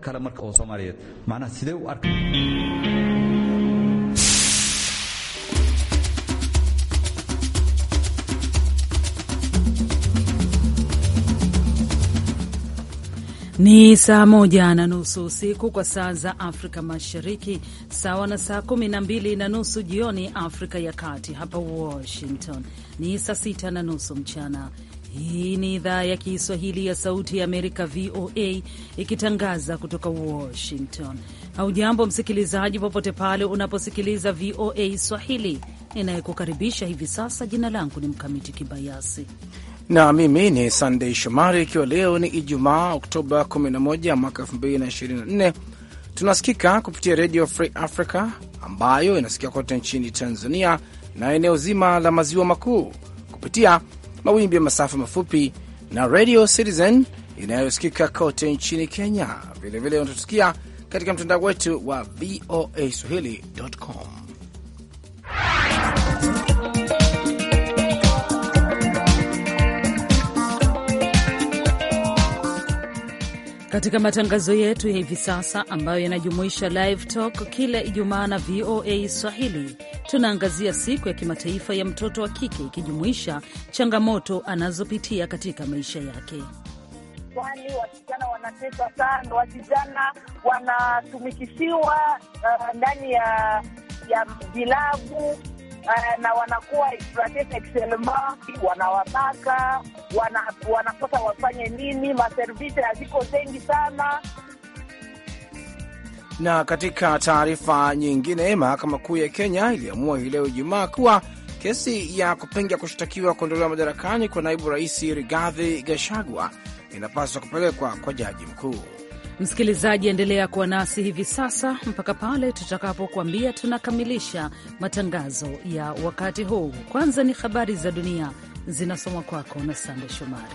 kale marka oo soomaaliyeed macnaha sidee u arka Ni saa moja na nusu usiku kwa saa za Afrika Mashariki, sawa na saa kumi na mbili na nusu jioni Afrika ya Kati. Hapa Washington ni saa sita na nusu mchana. Hii ni idhaa ya Kiswahili ya Sauti ya Amerika, VOA, ikitangaza kutoka Washington. Haujambo msikilizaji, popote pale unaposikiliza VOA Swahili. Ninayekukaribisha hivi sasa, jina langu ni Mkamiti Kibayasi na mimi ni Sandei Shomari. Ikiwa leo ni Ijumaa, Oktoba 11 mwaka 2024, tunasikika kupitia Redio Free Africa ambayo inasikika kote nchini Tanzania na eneo zima la maziwa makuu kupitia mawimbi ya masafa mafupi na Radio Citizen inayosikika kote nchini Kenya. Vilevile unatusikia katika mtandao wetu wa VOA swahili.com. katika matangazo yetu ya hivi sasa ambayo yanajumuisha live talk kila Ijumaa na VOA Swahili. Tunaangazia siku ya kimataifa ya mtoto wa kike ikijumuisha changamoto anazopitia katika maisha yake. Kwani wasichana wanateswa sana, wasichana wanatumikishiwa uh, ndani ya ya vilabu Eh, na wanakuwa wanawabaka, wanakosa wafanye nini, maservisi haziko zengi sana. Na katika taarifa nyingine, mahakama kuu ya Kenya iliamua hii leo Ijumaa kuwa kesi ya kupinga kushtakiwa kuondolewa madarakani kwa naibu rais Rigathi Gashagwa inapaswa kupelekwa kwa jaji mkuu. Msikilizaji, endelea kuwa nasi hivi sasa mpaka pale tutakapokuambia tunakamilisha matangazo ya wakati huu. Kwanza ni habari za dunia zinasomwa kwako na Sande Shomari.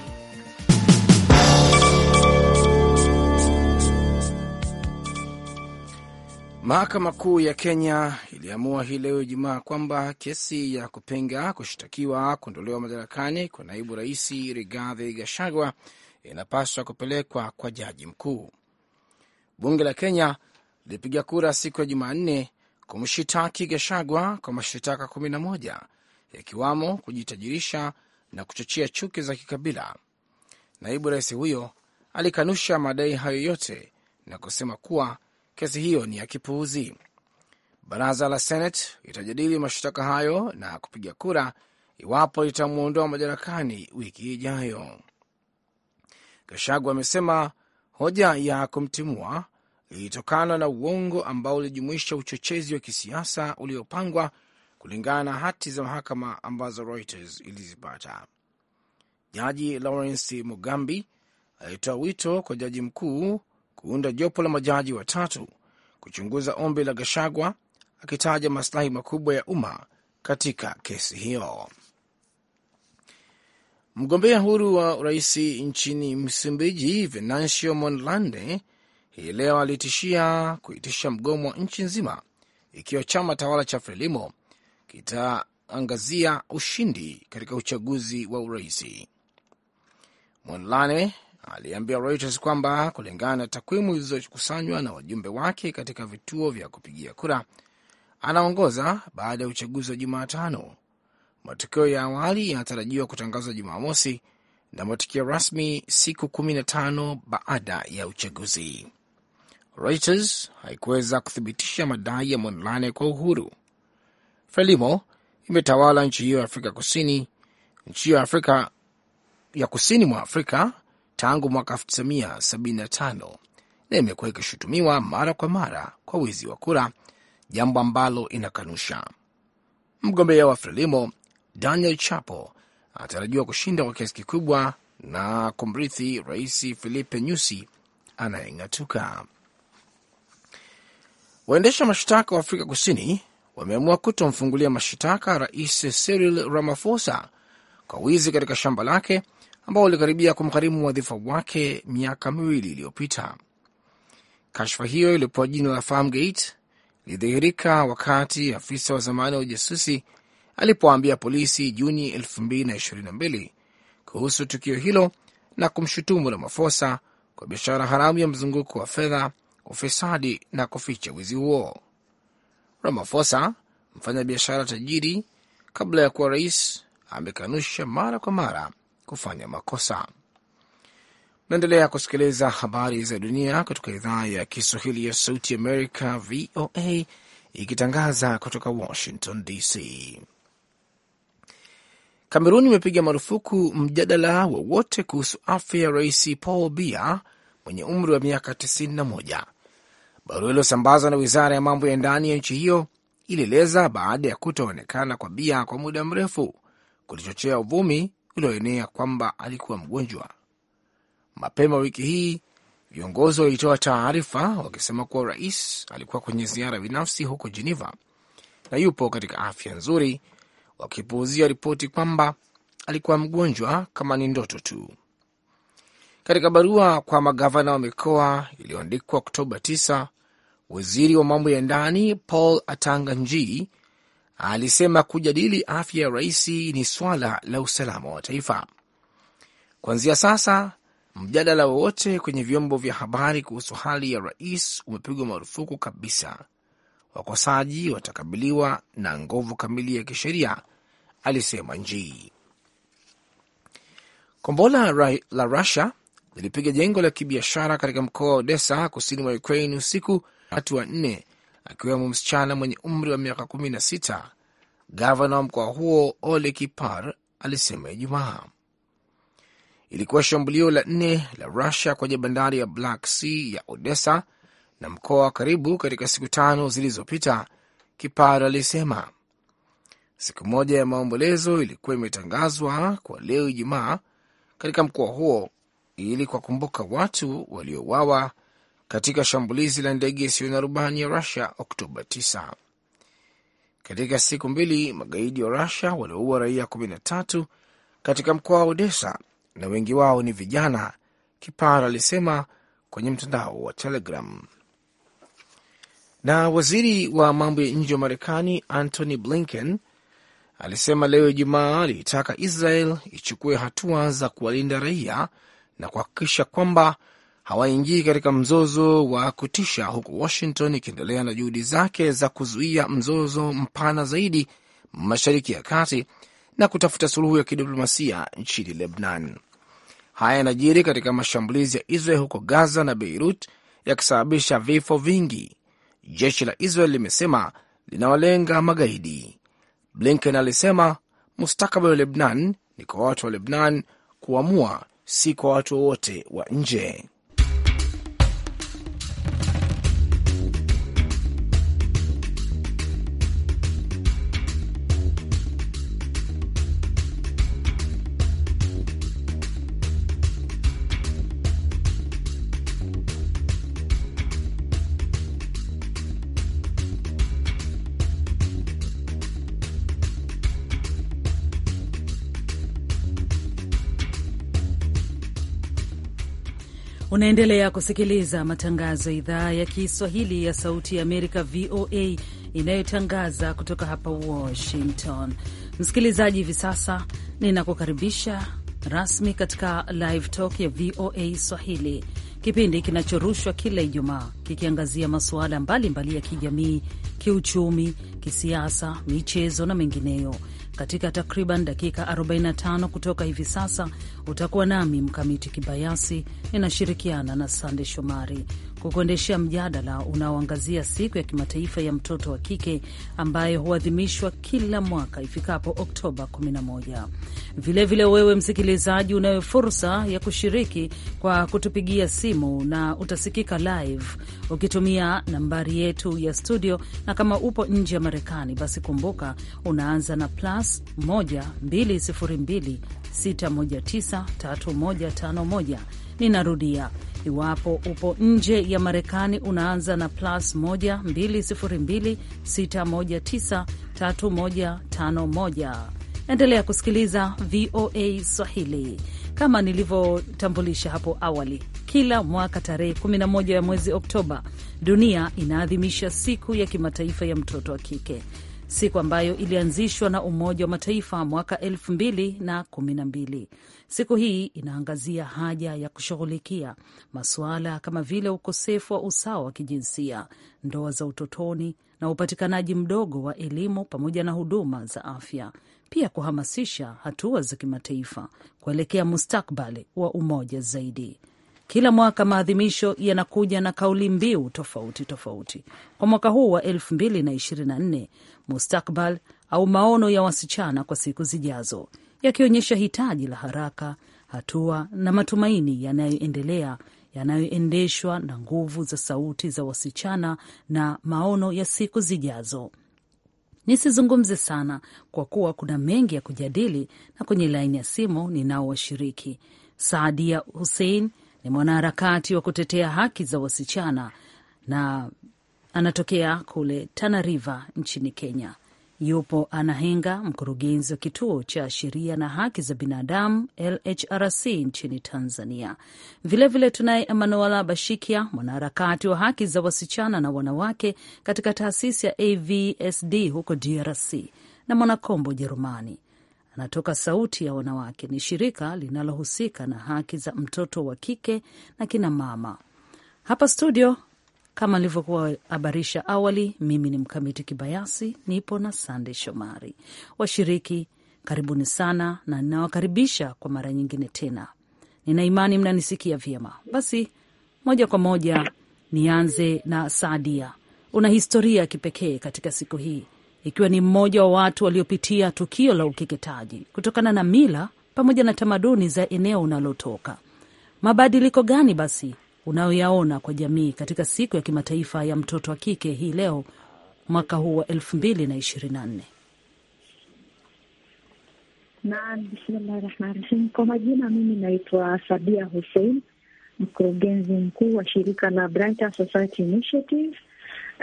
Mahakama Kuu ya Kenya iliamua hii leo Ijumaa kwamba kesi ya kupinga kushtakiwa kuondolewa madarakani kwa naibu rais Rigathi Gachagua inapaswa kupelekwa kwa jaji mkuu bunge la Kenya lilipiga kura siku ya Jumanne kumshitaki Gashagwa kwa mashitaka 11 yakiwamo kujitajirisha na kuchochea chuki za kikabila. Naibu rais huyo alikanusha madai hayo yote na kusema kuwa kesi hiyo ni ya kipuuzi. Baraza la Senate litajadili mashtaka hayo na kupiga kura iwapo litamwondoa madarakani wiki ijayo. Gashagwa amesema Hoja ya kumtimua ilitokana na uongo ambao ulijumuisha uchochezi wa kisiasa uliopangwa, kulingana na hati za mahakama ambazo Reuters ilizipata. Jaji Lawrence Mugambi alitoa wito kwa jaji mkuu kuunda jopo la majaji watatu kuchunguza ombi la Gashagwa, akitaja masilahi makubwa ya umma katika kesi hiyo. Mgombea huru wa urais nchini Msumbiji, Venancio Mondlane, hii leo alitishia kuitisha mgomo wa nchi nzima ikiwa chama tawala cha Frelimo kitaangazia ushindi katika uchaguzi wa urais. Mondlane aliambia Reuters kwamba kulingana na takwimu zilizokusanywa na wajumbe wake katika vituo vya kupigia kura, anaongoza baada ya uchaguzi wa Jumatano Matokeo ya awali yanatarajiwa kutangazwa Jumamosi na matokeo rasmi siku kumi na tano baada ya uchaguzi. Reuters haikuweza kuthibitisha madai ya Mondlane kwa uhuru. Frelimo imetawala nchi hiyo ya Afrika Kusini, nchi hiyo ya Afrika ya kusini mwa Afrika tangu mwaka 1975 na imekuwa ikishutumiwa mara kwa mara kwa wizi wa kura, jambo ambalo inakanusha. Mgombea wa Frelimo Daniel Chapo anatarajiwa kushinda kwa kiasi kikubwa na kumrithi Rais Filipe Nyusi anayeng'atuka. Waendesha mashtaka wa Afrika Kusini wameamua kutomfungulia mashtaka Rais Cyril Ramaphosa kwa wizi katika shamba lake ambao ulikaribia kumgharimu wadhifa wake miaka miwili iliyopita. Kashfa hiyo iliyopewa jina la Farmgate ilidhihirika wakati afisa wa zamani wa ujasusi alipoambia polisi Juni 2022 kuhusu tukio hilo na kumshutumu ramafosa kwa biashara haramu ya mzunguko wa fedha, ufisadi na kuficha wizi huo. Ramafosa, mfanyabiashara tajiri, kabla ya kuwa rais, amekanusha mara kwa mara kufanya makosa. Naendelea kusikiliza habari za dunia kutoka idhaa ya Kiswahili ya Sauti Amerika, VOA, ikitangaza kutoka Washington DC. Kamerun imepiga marufuku mjadala wowote kuhusu afya ya Rais Paul Biya mwenye umri wa miaka 91. Barua iliyosambazwa na wizara ya mambo ya ndani ya nchi hiyo ilieleza baada ya kutoonekana kwa Biya kwa muda mrefu kulichochea uvumi ulioenea kwamba alikuwa mgonjwa. Mapema wiki hii viongozi walitoa taarifa wakisema kuwa rais alikuwa kwenye ziara binafsi huko Geneva na yupo katika afya nzuri wakipuuzia ripoti kwamba alikuwa mgonjwa kama ni ndoto tu. Katika barua kwa magavana wa mikoa iliyoandikwa Oktoba 9, waziri wa mambo ya ndani Paul Atanga Nji alisema kujadili afya ya rais ni swala la usalama wa taifa. Kuanzia sasa, mjadala wowote kwenye vyombo vya habari kuhusu hali ya rais umepigwa marufuku kabisa. Wakosaji watakabiliwa na nguvu kamili ya kisheria alisema Njii. Kombola la Rusia lilipiga jengo la kibiashara katika mkoa wa Odessa kusini mwa Ukraine usiku, watu wanne akiwemo msichana mwenye umri wa miaka 16. Gavana wa mkoa huo Ole Kipar alisema Ijumaa ilikuwa shambulio la nne la Rusia kwenye bandari ya Black Sea ya Odessa na mkoa wa karibu katika siku tano zilizopita, Kipar alisema. Siku moja ya maombolezo ilikuwa imetangazwa kwa leo Ijumaa katika mkoa huo ili kuwakumbuka watu waliouawa katika shambulizi la ndege isiyo na rubani ya Rusia Oktoba 9. Katika siku mbili magaidi wa Rusia walioua raia 13 katika mkoa wa Odessa na wengi wao ni vijana, Kipar alisema kwenye mtandao wa Telegram. Na waziri wa mambo ya nje wa Marekani Antony Blinken alisema leo Ijumaa aliitaka Israel ichukue hatua za kuwalinda raia na kuhakikisha kwamba hawaingii katika mzozo wa kutisha, huku Washington ikiendelea na juhudi zake za kuzuia mzozo mpana zaidi Mashariki ya Kati na kutafuta suluhu ya kidiplomasia nchini Lebanon. Haya yanajiri katika mashambulizi ya Israel huko Gaza na Beirut yakisababisha vifo vingi. Jeshi la Israel limesema linawalenga magaidi. Blinken alisema mustakabali wa Lebnan ni kwa watu wa Lebnan kuamua, si kwa watu wowote wa nje. Unaendelea kusikiliza matangazo ya idhaa ya Kiswahili ya Sauti ya Amerika, VOA, inayotangaza kutoka hapa Washington. Msikilizaji, hivi sasa ninakukaribisha rasmi katika Live Talk ya VOA Swahili, kipindi kinachorushwa kila Ijumaa kikiangazia masuala mbalimbali ya kijamii, kiuchumi, kisiasa, michezo na mengineyo katika takriban dakika 45 kutoka hivi sasa. Utakuwa nami Mkamiti Kibayasi, ninashirikiana na Sande Shomari kukuendeshea mjadala unaoangazia siku ya kimataifa ya mtoto wa kike ambayo huadhimishwa kila mwaka ifikapo Oktoba 11. Vilevile wewe msikilizaji, unayo fursa ya kushiriki kwa kutupigia simu na utasikika live ukitumia nambari yetu ya studio, na kama upo nje ya Marekani basi kumbuka unaanza na plus 12026193151. Ninarudia Iwapo upo nje ya Marekani, unaanza na plus 1 Endelea kusikiliza VOA Swahili. Kama nilivyotambulisha hapo awali, kila mwaka tarehe 11 ya mwezi Oktoba dunia inaadhimisha siku ya kimataifa ya mtoto wa kike siku ambayo ilianzishwa na Umoja wa Mataifa mwaka elfu mbili na kumi na mbili. Siku hii inaangazia haja ya kushughulikia masuala kama vile ukosefu wa usawa wa kijinsia, ndoa za utotoni na upatikanaji mdogo wa elimu pamoja na huduma za afya, pia kuhamasisha hatua za kimataifa kuelekea mustakbali wa umoja zaidi. Kila mwaka maadhimisho yanakuja na kauli mbiu tofauti tofauti. Kwa mwaka huu wa 2024 mustakbal au maono ya wasichana kwa siku zijazo, yakionyesha hitaji la haraka, hatua na matumaini yanayoendelea yanayoendeshwa na nguvu za sauti za wasichana na maono ya siku zijazo. Nisizungumze sana kwa kuwa kuna mengi ya kujadili, na kwenye laini ya simu ninao washiriki Saadia Hussein ni mwanaharakati wa kutetea haki za wasichana na anatokea kule Tana River nchini Kenya. Yupo anahenga mkurugenzi wa kituo cha sheria na haki za binadamu LHRC nchini Tanzania. Vilevile tunaye Emanuela Bashikia, mwanaharakati wa haki za wasichana na wanawake katika taasisi ya AVSD huko DRC na Mwanakombo Ujerumani anatoka Sauti ya Wanawake, ni shirika linalohusika na haki za mtoto wa kike na kina mama. Hapa studio, kama nilivyokuwa habarisha awali, mimi ni Mkamiti Kibayasi, nipo na Sande Shomari. Washiriki karibuni sana, na ninawakaribisha kwa mara nyingine tena. Nina imani mnanisikia vyema. Basi moja kwa moja nianze na Saadia. Una historia ya kipekee katika siku hii, ikiwa ni mmoja wa watu waliopitia tukio la ukeketaji kutokana na mila pamoja na tamaduni za eneo unalotoka. Mabadiliko gani basi unayoyaona kwa jamii katika siku ya kimataifa ya mtoto wa kike hii leo mwaka huu wa elfu mbili na ishirini na nne? Naam, bismillahi rahmani rahim. Kwa majina mimi naitwa Sabia Hussein, mkurugenzi mkuu wa shirika la Brighter Society Initiative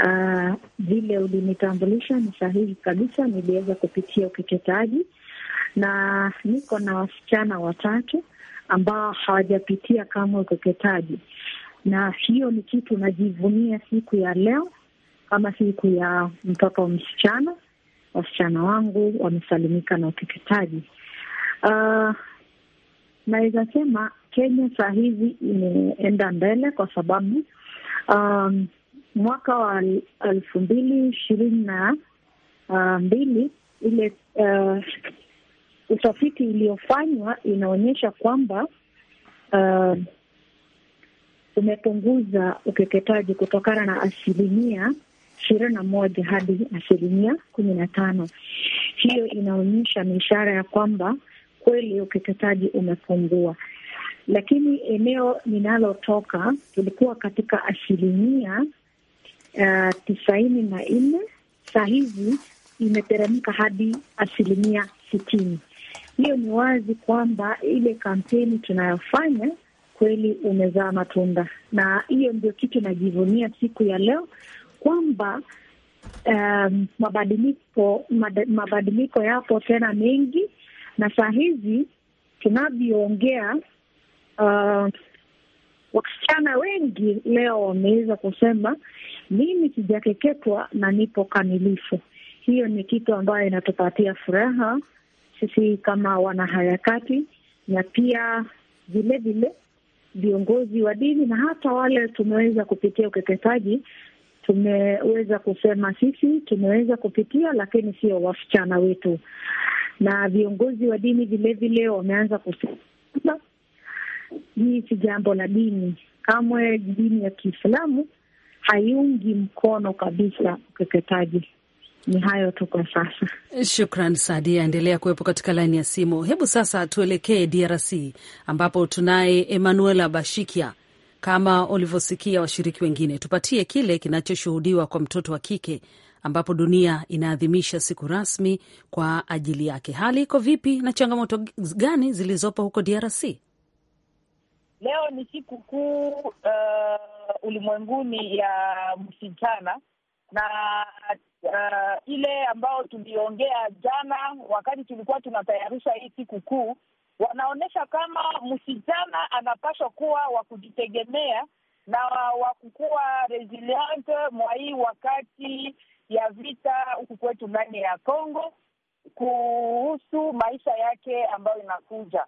Ah, vile uh, ulinitambulisha ni sahihi kabisa. Niliweza kupitia ukeketaji na niko na wasichana watatu ambao hawajapitia kama ukeketaji, na hiyo ni kitu najivunia siku ya leo kama siku ya mtoto msichana. Wasichana wangu wamesalimika na ukeketaji. Uh, naweza sema Kenya saa hizi imeenda mbele kwa sababu um, mwaka wa elfu mbili ishirini na ah, mbili ile uh, utafiti iliyofanywa inaonyesha kwamba uh, umepunguza ukeketaji kutokana na asilimia ishirini na moja hadi asilimia kumi na tano. Hiyo inaonyesha ni ishara ya kwamba kweli ukeketaji umepungua, lakini eneo ninalotoka tulikuwa katika asilimia uh, tisaini na nne saa hizi imeteremka hadi asilimia sitini. Hiyo ni wazi kwamba ile kampeni tunayofanya kweli umezaa matunda, na hiyo ndio kitu najivunia siku ya leo kwamba um, mabadiliko mabadiliko yapo tena mengi, na saa hizi tunavyoongea uh, Wasichana wengi leo wameweza kusema mimi sijakeketwa na nipo kamilifu. Hiyo ni kitu ambayo inatupatia furaha sisi kama wanaharakati, na pia vilevile viongozi wa dini na hata wale tumeweza kupitia ukeketaji tumeweza kusema sisi tumeweza kupitia, lakini sio wasichana wetu. Na viongozi wa dini vilevile wameanza kusema hii si jambo la dini kamwe. Dini ya Kiislamu haiungi mkono kabisa ukeketaji. Ni hayo tu kwa sasa. Shukran Sadia, endelea kuwepo katika laini ya simu. Hebu sasa tuelekee DRC ambapo tunaye Emanuela Bashikia. Kama ulivyosikia washiriki wengine, tupatie kile kinachoshuhudiwa kwa mtoto wa kike ambapo dunia inaadhimisha siku rasmi kwa ajili yake. Hali iko vipi na changamoto gani zilizopo huko DRC? Leo ni siku kuu uh, ulimwenguni ya msichana na uh, ile ambayo tuliongea jana wakati tulikuwa tunatayarisha hii siku kuu, wanaonyesha kama msichana anapaswa kuwa wa kujitegemea na wa kukuwa resilient mwa hii wakati ya vita huku kwetu ndani ya Congo kuhusu maisha yake ambayo inakuja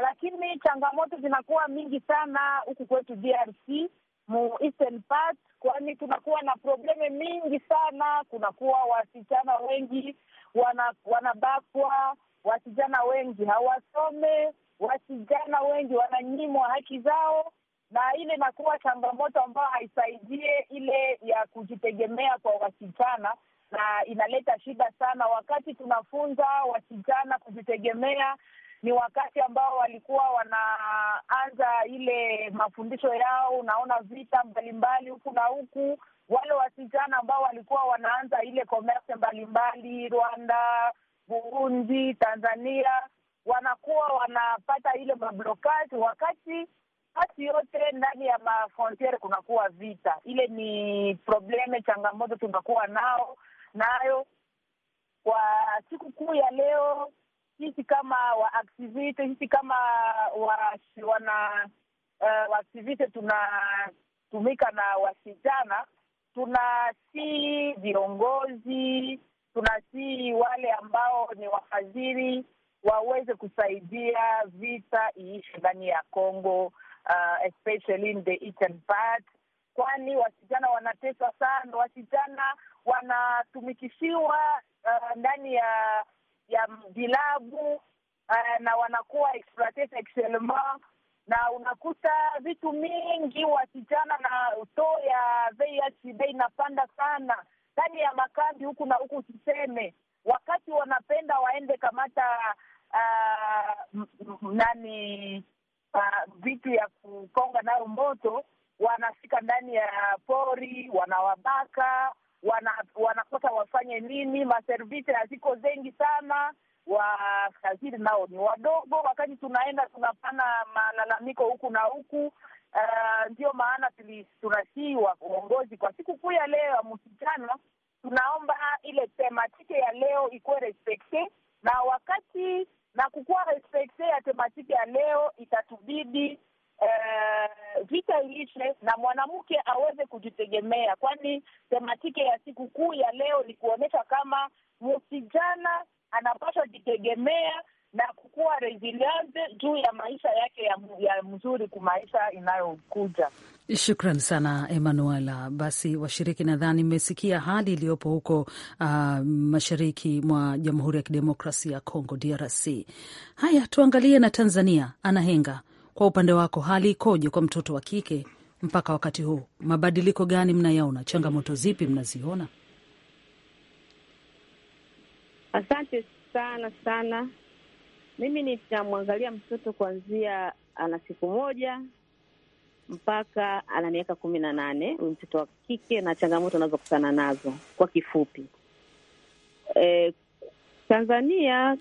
lakini changamoto zinakuwa mingi sana huku kwetu DRC mu eastern part, kwani tunakuwa na probleme mingi sana. Kunakuwa wasichana wengi wana, wanabakwa, wasichana wengi hawasome, wasichana wengi wananyimwa haki zao, na ile inakuwa changamoto ambayo haisaidie ile ya kujitegemea kwa wasichana, na inaleta shida sana wakati tunafunza wasichana kujitegemea ni wakati ambao walikuwa wanaanza ile mafundisho yao, unaona vita mbalimbali huku na huku. Wale wasichana ambao walikuwa wanaanza ile commerce mbalimbali Rwanda, Burundi, Tanzania, wanakuwa wanapata ile mablokadi wakati basi yote ndani ya mafrontiere kunakuwa vita. Ile ni probleme, changamoto tunakuwa nao nayo kwa siku kuu ya leo sisi kama waaktiviste sisi kama wa, wana uh, eh, waaktiviste tunatumika na wasijana, tunasii viongozi, tunasii wale ambao ni wafadhiri waweze kusaidia vita iishe ndani ya Congo, uh, eh, especially in the eastern part, kwani wasijana wanateswa sana, wasijana wanatumikishiwa uh, ndani ya ya vilabu uh, eh, na wanakuwa exploite sexuellement, na unakuta vitu mingi wasichana na too ya VIH inapanda sana ndani ya makambi huku na huku, usiseme wakati wanapenda waende kamata uh, nani uh, vitu ya kukonga nayo moto, wanafika ndani ya pori wanawabaka wana, wanakosa wafanye nini. Maservisi haziko zengi sana, wakaziri nao ni wadogo, wakati tunaenda tunapana malalamiko huku na huku. Eh, ndio uh, maana tunasii uongozi kwa sikukuu ya leo ya msichana, tunaomba ile tematike ya leo ikuwe respekte na wakati na kukuwa respekte ya tematike ya leo itatubidi uh, vita iishe na mwanamke aweze kujitegemea, kwani tematike ya siku kuu ya leo ni kuonyesha kama msijana anapaswa jitegemea na kukuwa resilience juu ya maisha yake ya, ya mzuri ku maisha inayokuja. Shukran sana Emanuela. Basi washiriki, nadhani mmesikia hali iliyopo huko uh, mashariki mwa Jamhuri ya Kidemokrasia ya Kongo, DRC. Haya, tuangalie na Tanzania. Anahenga kwa upande wako hali ikoje kwa mtoto wa kike mpaka wakati huu? Mabadiliko gani mnayaona? Changamoto zipi mnaziona? Asante sana sana. Mimi nitamwangalia mtoto kuanzia ana siku moja mpaka ana miaka kumi na nane, huyu mtoto wa kike na changamoto anazokutana nazo kwa kifupi. E, Tanzania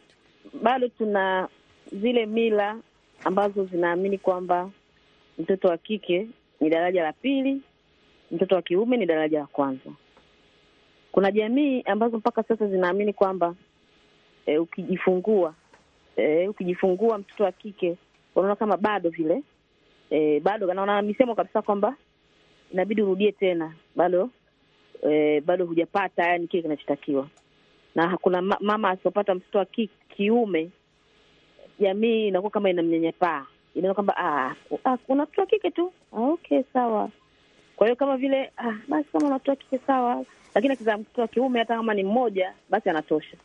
bado tuna zile mila ambazo zinaamini kwamba mtoto wa kike ni daraja la pili, mtoto wa kiume ni daraja la kwanza. Kuna jamii ambazo mpaka sasa zinaamini kwamba e, ukijifungua e, ukijifungua mtoto wa kike unaona kama bado vile e, bado anaona misemo kabisa kwamba inabidi urudie tena, bado e, bado hujapata yani kile kinachotakiwa. Na kuna mama asipopata mtoto wa kiume jamii inakuwa kama inamnyanyapaa, inaona kwamba ah, ah kuna mtu wa kike tu ah, okay sawa. Kwa hiyo kama vile ah, basi kama na mtu wa kike sawa, lakini akizaa mtoto wa kiume hata kama ni mmoja basi anatosha,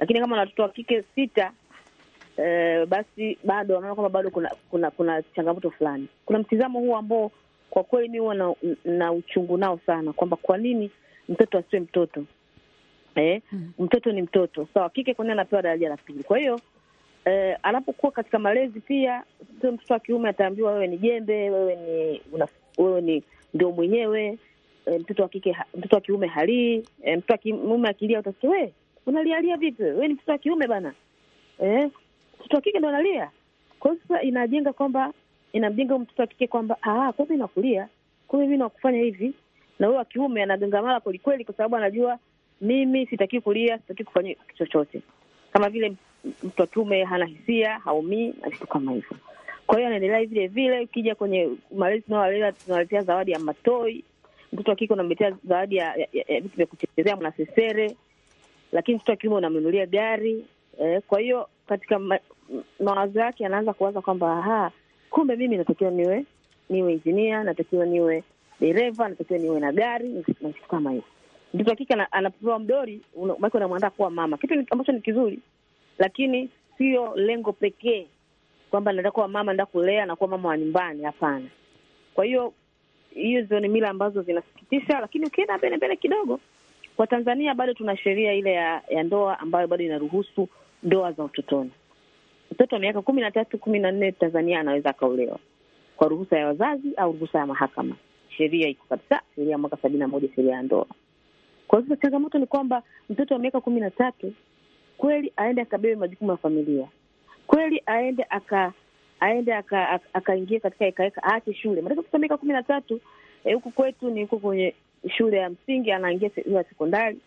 lakini kama na watoto wa kike sita eh, basi bado wanaona kwamba bado kuna kuna kuna changamoto fulani. Kuna mtizamo huu ambao kwa kweli mi huwa na, na uchungu nao sana, kwamba kwa nini mtoto asiwe mtoto eh? Hmm. mtoto ni mtoto sawa, so, kike kwa nini anapewa daraja la pili? Kwa hiyo eh, anapokuwa katika malezi pia sio mtoto wa kiume ataambiwa wewe ni jembe, wewe ni una, wewe ni ndio mwenyewe eh, mtoto wa kike, mtoto wa kiume halii eh, mtoto wa kiume akilia utasikia we unalialia vipi Wewe ni mtoto wa kiume bana eh, mtoto wa kike ndo analia. Kwa hiyo sasa inajenga kwamba inamjenga mtoto wa kike kwamba ah, kumbe nakulia, kumbe mi nakufanya hivi, na huyo wa kiume anagangamala kwelikweli, kwa sababu anajua mimi sitaki kulia, sitaki kufanya chochote, kama vile mtu wa tume hana hisia, haumii na vitu kama hivyo. Kwa hiyo anaendelea vile vile. Ukija kwenye malezi tunawalea, tunaletea zawadi ya matoi, mtoto wa kike unamletea zawadi ya vitu vya kuchezea, mwanasesere, lakini mtoto wa kiume unamnunulia gari eh. Kwa hiyo katika mawazo yake anaanza kuwaza kwamba kumbe mimi natakiwa niwe niwe injinia, natakiwa niwe dereva, natakiwa niwe na gari na vitu kama hivyo. Mtoto wa kike anapopewa mdori, unamwandaa kuwa mama, kitu ambacho ni kizuri lakini sio lengo pekee kwamba nataka kuwa mama, nataka kulea na kuwa mama wa nyumbani. Hapana. Kwa hiyo hizo ni mila ambazo zinasikitisha, lakini ukienda mbele mbele kidogo, kwa Tanzania bado tuna sheria ile ya, ya ndoa ambayo bado inaruhusu ndoa za utotoni. Mtoto wa miaka kumi na tatu kumi na nne Tanzania anaweza akaolewa kwa ruhusa ya wazazi au ruhusa ya mahakama. Sheria iko kabisa, sheria ya mwaka sabini na moja sheria ya ndoa. Kwa hivyo changamoto ni kwamba mtoto wa miaka kumi na tatu kweli aende akabebe majukumu ya familia, kweli aende aka aende akaingia aka katika ekaeka aache shule, maanake kusoma miaka kumi na tatu eh, huku kwetu ni huko kwenye shule ya msingi, anaingia ya sekondari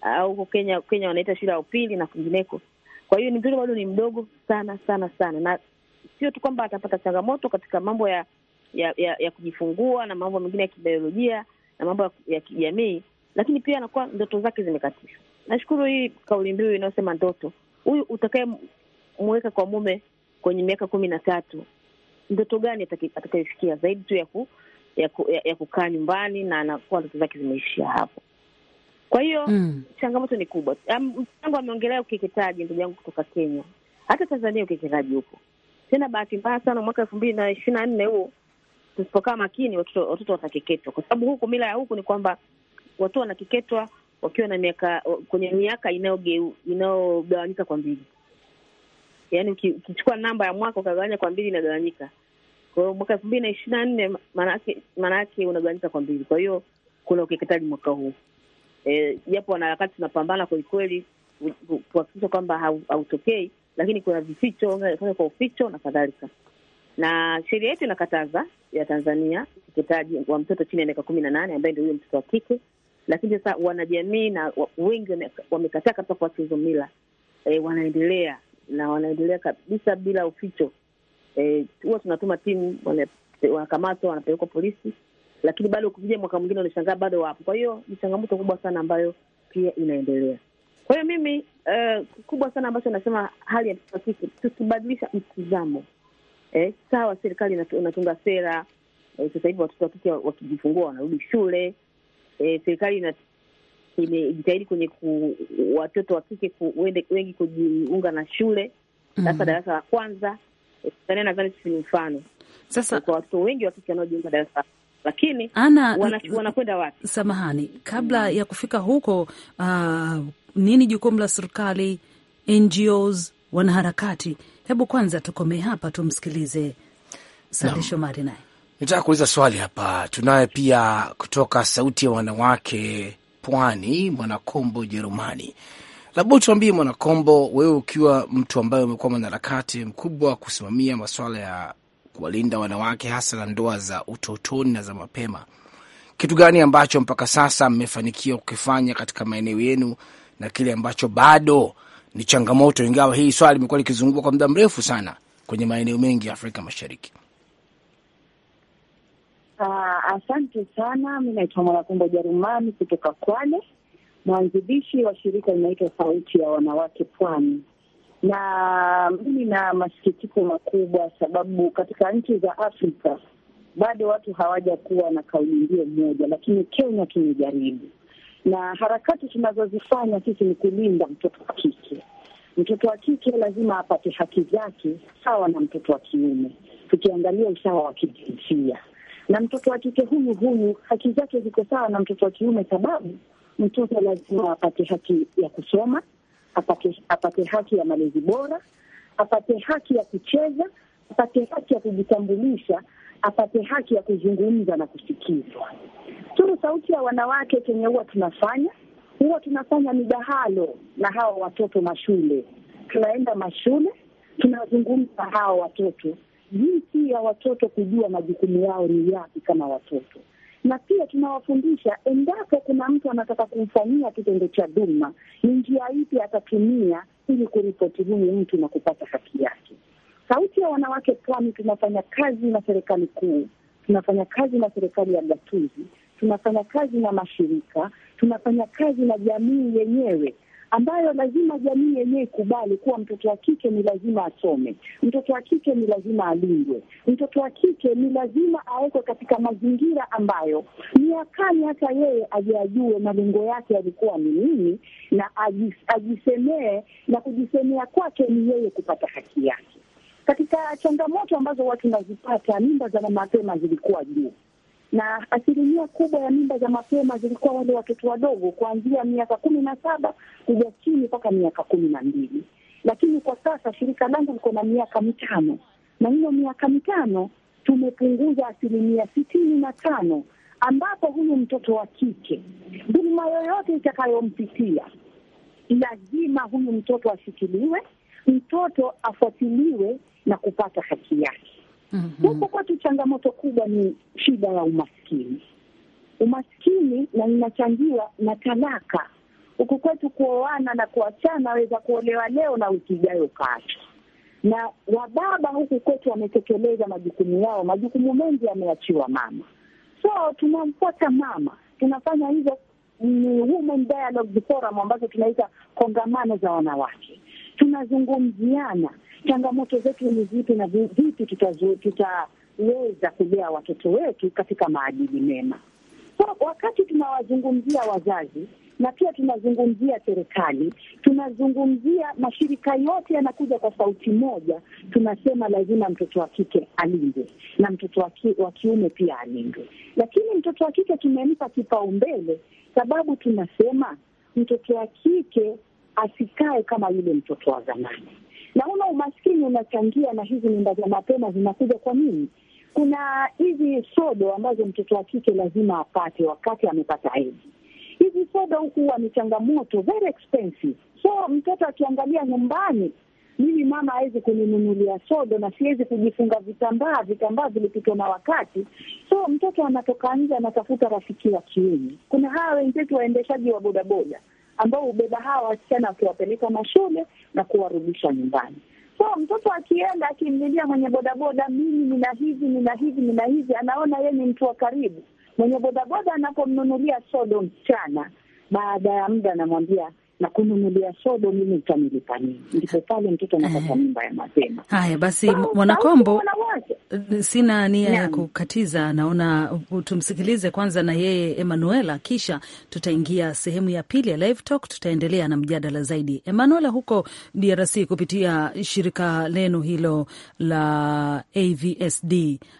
au huko Kenya, Kenya wanaita shule ya upili na kwingineko. Kwa hiyo ni mtoto bado ni mdogo sana sana sana, na sio tu kwamba atapata changamoto katika mambo ya ya, ya ya kujifungua na mambo mengine ya kibiolojia na mambo ya kijamii, lakini pia anakuwa ndoto zake zimekatishwa nashukuru hii kauli mbiu inayosema ndoto, huyu utakayemweka kwa mume kwenye miaka kumi na tatu, ndoto gani atakayefikia zaidi tu ya, ku, ya, ku, ya, ya kukaa nyumbani na anakuwa ndoto zake zimeishia hapo. Kwa hiyo mm, changamoto ni kubwa. Mchango ameongelea ukeketaji, ndugu yangu kutoka Kenya. Hata Tanzania ukeketaji huko tena bahati mbaya sana, mwaka elfu mbili na ishirini na nne huo tusipokaa makini, watoto watakeketwa, kwa sababu huku mila ya huku ni kwamba watu wanakeketwa wakiwa na miaka kwenye miaka inayogawanyika kwa mbili, yaani ukichukua namba ya mwaka ukagawanya kwa mbili inagawanyika. Kwa hiyo mwaka elfu mbili na ishirini na nne yake unagawanyika kwa mbili. Kwa hiyo kuna ukeketaji mwaka huu e, japo e, wanaharakati tunapambana kwelikweli kuhakikisha kwamba hautokei, lakini kuna vificho fanya kwa uficho na kadhalika, na sheria yetu inakataza ya Tanzania ukeketaji wa mtoto chini ya miaka kumi na nane ambaye ndio huyo mtoto wa kike lakini sasa wanajamii na wengi wamekataa kabisa kwa hizo mila e, wanaendelea na wanaendelea kabisa bila uficho. E, huwa tunatuma timu, wanakamatwa wanapelekwa polisi, lakini bado ukija mwaka mwingine wanashangaa bado wapo. Kwa hiyo ni changamoto kubwa sana ambayo pia inaendelea. Kwa hiyo mimi uh, kubwa sana ambacho nasema hali ya tukibadilisha mtizamo eh, sawa, serikali inatunga sera eh, sasa hivi watoto wa kike wakijifungua wanarudi shule e, serikali imejitahidi kwenye ku, watoto wa kike wengi kujiunga na shule sasa mm -hmm. darasa la kwanza Tanzania eh, nadhani sisi ni mfano sasa kwa watoto wengi wa kike wanaojiunga darasa lakini wanakwenda wapi? Samahani, kabla ya kufika huko, uh, nini jukumu la serikali, NGOs, wanaharakati? Hebu kwanza tukomee hapa tumsikilize Sande Shomari naye Nitaka kuuliza swali hapa. Tunaye pia kutoka Sauti ya Wanawake Pwani, Mwanakombo Jerumani. Labda tuambie Mwanakombo, wewe ukiwa mtu ambaye umekuwa mwanaharakati mkubwa kusimamia masuala ya kuwalinda wanawake, hasa na ndoa za utotoni na za mapema, kitu gani ambacho mpaka sasa mmefanikiwa kukifanya katika maeneo yenu na kile ambacho bado ni changamoto, ingawa hii swala limekuwa likizunguka kwa muda mrefu sana kwenye maeneo mengi ya Afrika Mashariki? Uh, asante sana. Mi naitwa Mwanakumbo Jarumani kutoka Kwale, mwanzilishi wa shirika linaitwa Sauti ya Wanawake Pwani, na mimi na masikitiko makubwa, sababu katika nchi za Afrika bado watu hawajakuwa na kauli mbiu moja, lakini Kenya tumejaribu, na harakati tunazozifanya sisi ni kulinda mtoto wa kike. Mtoto wa kike lazima apate haki zake sawa na mtoto wa kiume, tukiangalia usawa wa kijinsia na mtoto wa kike huyu huyu haki zake ziko sawa na mtoto wa kiume, sababu mtoto lazima apate haki ya kusoma, apate, apate haki ya malezi bora, apate haki ya kucheza, apate haki ya kujitambulisha, apate haki ya kuzungumza na kusikizwa. Turu Sauti ya Wanawake chenye huwa tunafanya huwa tunafanya midahalo na hawa watoto mashule, tunaenda mashule tunazungumza hawa watoto jinsi ya watoto kujua majukumu yao ni yapi kama watoto, na pia tunawafundisha endapo kuna mtu anataka kumfanyia kitendo cha duma ni njia ipi atatumia ili kuripoti huyu mtu na kupata haki yake. Sauti ya Wanawake Pwani tunafanya kazi na serikali kuu, tunafanya kazi na serikali ya gatuzi, tunafanya kazi na mashirika, tunafanya kazi na jamii yenyewe ambayo lazima jamii yenyewe ikubali kuwa mtoto wa kike ni lazima asome, mtoto wa kike ni lazima alindwe, mtoto wa kike ni lazima awekwe katika mazingira ambayo miakani hata yeye ajajue malengo yake yalikuwa ni nini, na ajisemee na kujisemea kwake ni yeye kupata haki yake. Katika changamoto ambazo watu nazipata, mimba za mapema zilikuwa juu na asilimia kubwa ya mimba za mapema zilikuwa wale watoto wadogo kuanzia miaka kumi na saba kuja chini mpaka miaka kumi na mbili lakini kwa sasa shirika langu liko na miaka mitano na hiyo miaka mitano tumepunguza asilimia sitini na tano ambapo huyu mtoto wa kike dhuluma yoyote itakayompitia lazima huyu mtoto ashikiliwe, mtoto afuatiliwe na kupata haki yake mm -hmm. kwetu changamoto kubwa ni shida ya umaskini, umaskini na inachangiwa na talaka. Huku kwetu kuoana na kuachana, waweza kuolewa leo na wiki ijayo Na wababa huku kwetu wametekeleza majukumu yao, majukumu mengi yameachiwa mama, so tunamfuata mama, tunafanya hizo women dialogue forum ambazo tunaita kongamano za wanawake, tunazungumziana changamoto zetu ni zipi na vipi tutaweza kulea watoto wetu katika maadili mema. So, wakati tunawazungumzia wazazi na pia tunazungumzia serikali, tunazungumzia mashirika yote yanakuja kwa sauti moja, tunasema lazima mtoto wa kike alindwe na mtoto wa ki, wa kiume pia alindwe, lakini mtoto wa kike tumempa kipaumbele, sababu tunasema mtoto wa kike asikae kama yule mtoto wa zamani. Naona umaskini unachangia, na hizi mimba za mapema zinakuja kwa nini? Kuna hizi sodo ambazo mtoto wa kike lazima apate wakati amepata hedhi. Hizi sodo huku huwa ni changamoto, very expensive, so mtoto akiangalia nyumbani mimi mama hawezi kuninunulia sodo na siwezi kujifunga vitambaa, vitambaa vilipitwa na wakati. So mtoto anatoka nje, anatafuta rafiki wa kiume. Kuna hawa wenzetu waendeshaji wa bodaboda ambao hubeba hawa wasichana wakiwapeleka mashule, na kuwarudisha nyumbani. So mtoto akienda akimlilia mwenye bodaboda, mimi nina hivi nina hivi nina hivi, anaona yeye ni mtu wa karibu. Mwenye bodaboda anapomnunulia sodo mchana, baada ya muda anamwambia na kununulia sodo, mimi nitamilipa nini? Ndipo pale mtoto anapata eh. mimba ya mapema. Haya basi, Mwanakombo, eh, sina nia ya kukatiza, naona tumsikilize kwanza na yeye Emanuela, kisha tutaingia sehemu ya pili ya Live Talk, tutaendelea na mjadala zaidi. Emanuela, huko DRC kupitia shirika lenu hilo la AVSD,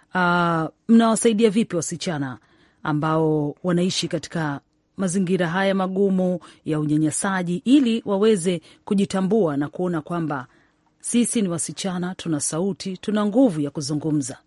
uh, ah, mnawasaidia vipi wasichana ambao wanaishi katika mazingira haya magumu ya unyanyasaji, ili waweze kujitambua na kuona kwamba sisi ni wasichana, tuna sauti, tuna nguvu ya kuzungumza.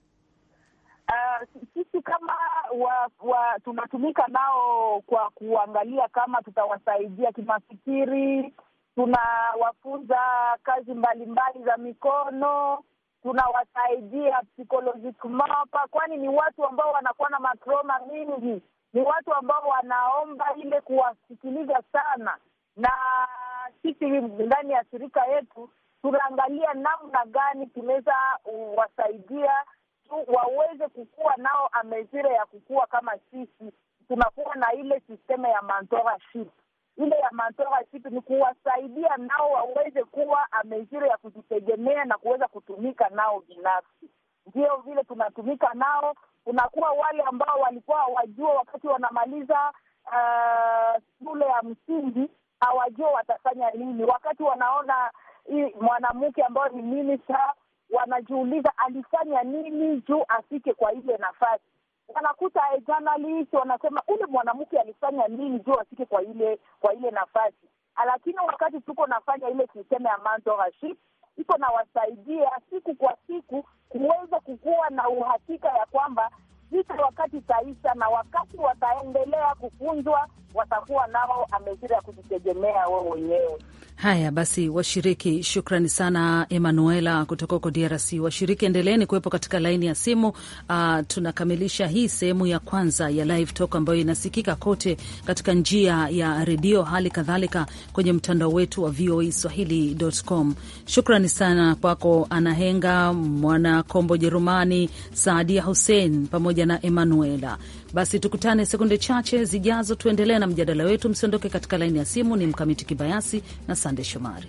Uh, sisi kama wa, wa, tunatumika nao kwa kuangalia kama tutawasaidia kimafikiri, tunawafunza kazi mbalimbali za mikono tunawasaidia psychologiquement, kwani ni watu ambao wanakuwa na matroma mingi ni watu ambao wanaomba ile kuwasikiliza sana, na sisi ndani ya shirika yetu tunaangalia namna gani tunaweza wasaidia tu waweze kukua nao amezira ya kukua kama sisi tunakuwa na ile sistema ya mentorship. Ile ya mentorship ni kuwasaidia nao waweze kuwa amezira ya kujitegemea na kuweza kutumika nao binafsi. Ndio vile tunatumika nao unakuwa wale ambao walikuwa hawajua wakati wanamaliza eh, shule uh, ya msingi hawajua watafanya nini, wakati wanaona mwanamke ambayo ni minista, wanajiuliza alifanya nini juu afike kwa ile nafasi. Wanakuta journalist wanasema ule mwanamke alifanya nini juu afike kwa ile kwa ile nafasi. Lakini wakati tuko nafanya ile sistema ya mentorship iko nawasaidia siku kwa siku kuweza kukuwa na uhakika ya kwamba vita wakati taisha, na wakati wataendelea kufunzwa, watakuwa nao amezira ya kujitegemea wao wenyewe. Haya basi, washiriki, shukrani sana Emanuela kutoka huko DRC. Washiriki, endeleeni kuwepo katika laini ya simu. Uh, tunakamilisha hii sehemu ya kwanza ya Live Talk ambayo inasikika kote katika njia ya redio, hali kadhalika kwenye mtandao wetu wa VOA e Swahili.com. Shukrani sana kwako Anahenga Mwanakombo Jerumani, Saadia Hussein pamoja pamoja na Emanuela. Basi tukutane sekunde chache zijazo, tuendelee na mjadala wetu. Msiondoke katika laini ya simu. Ni Mkamiti Kibayasi na Sande Shomari.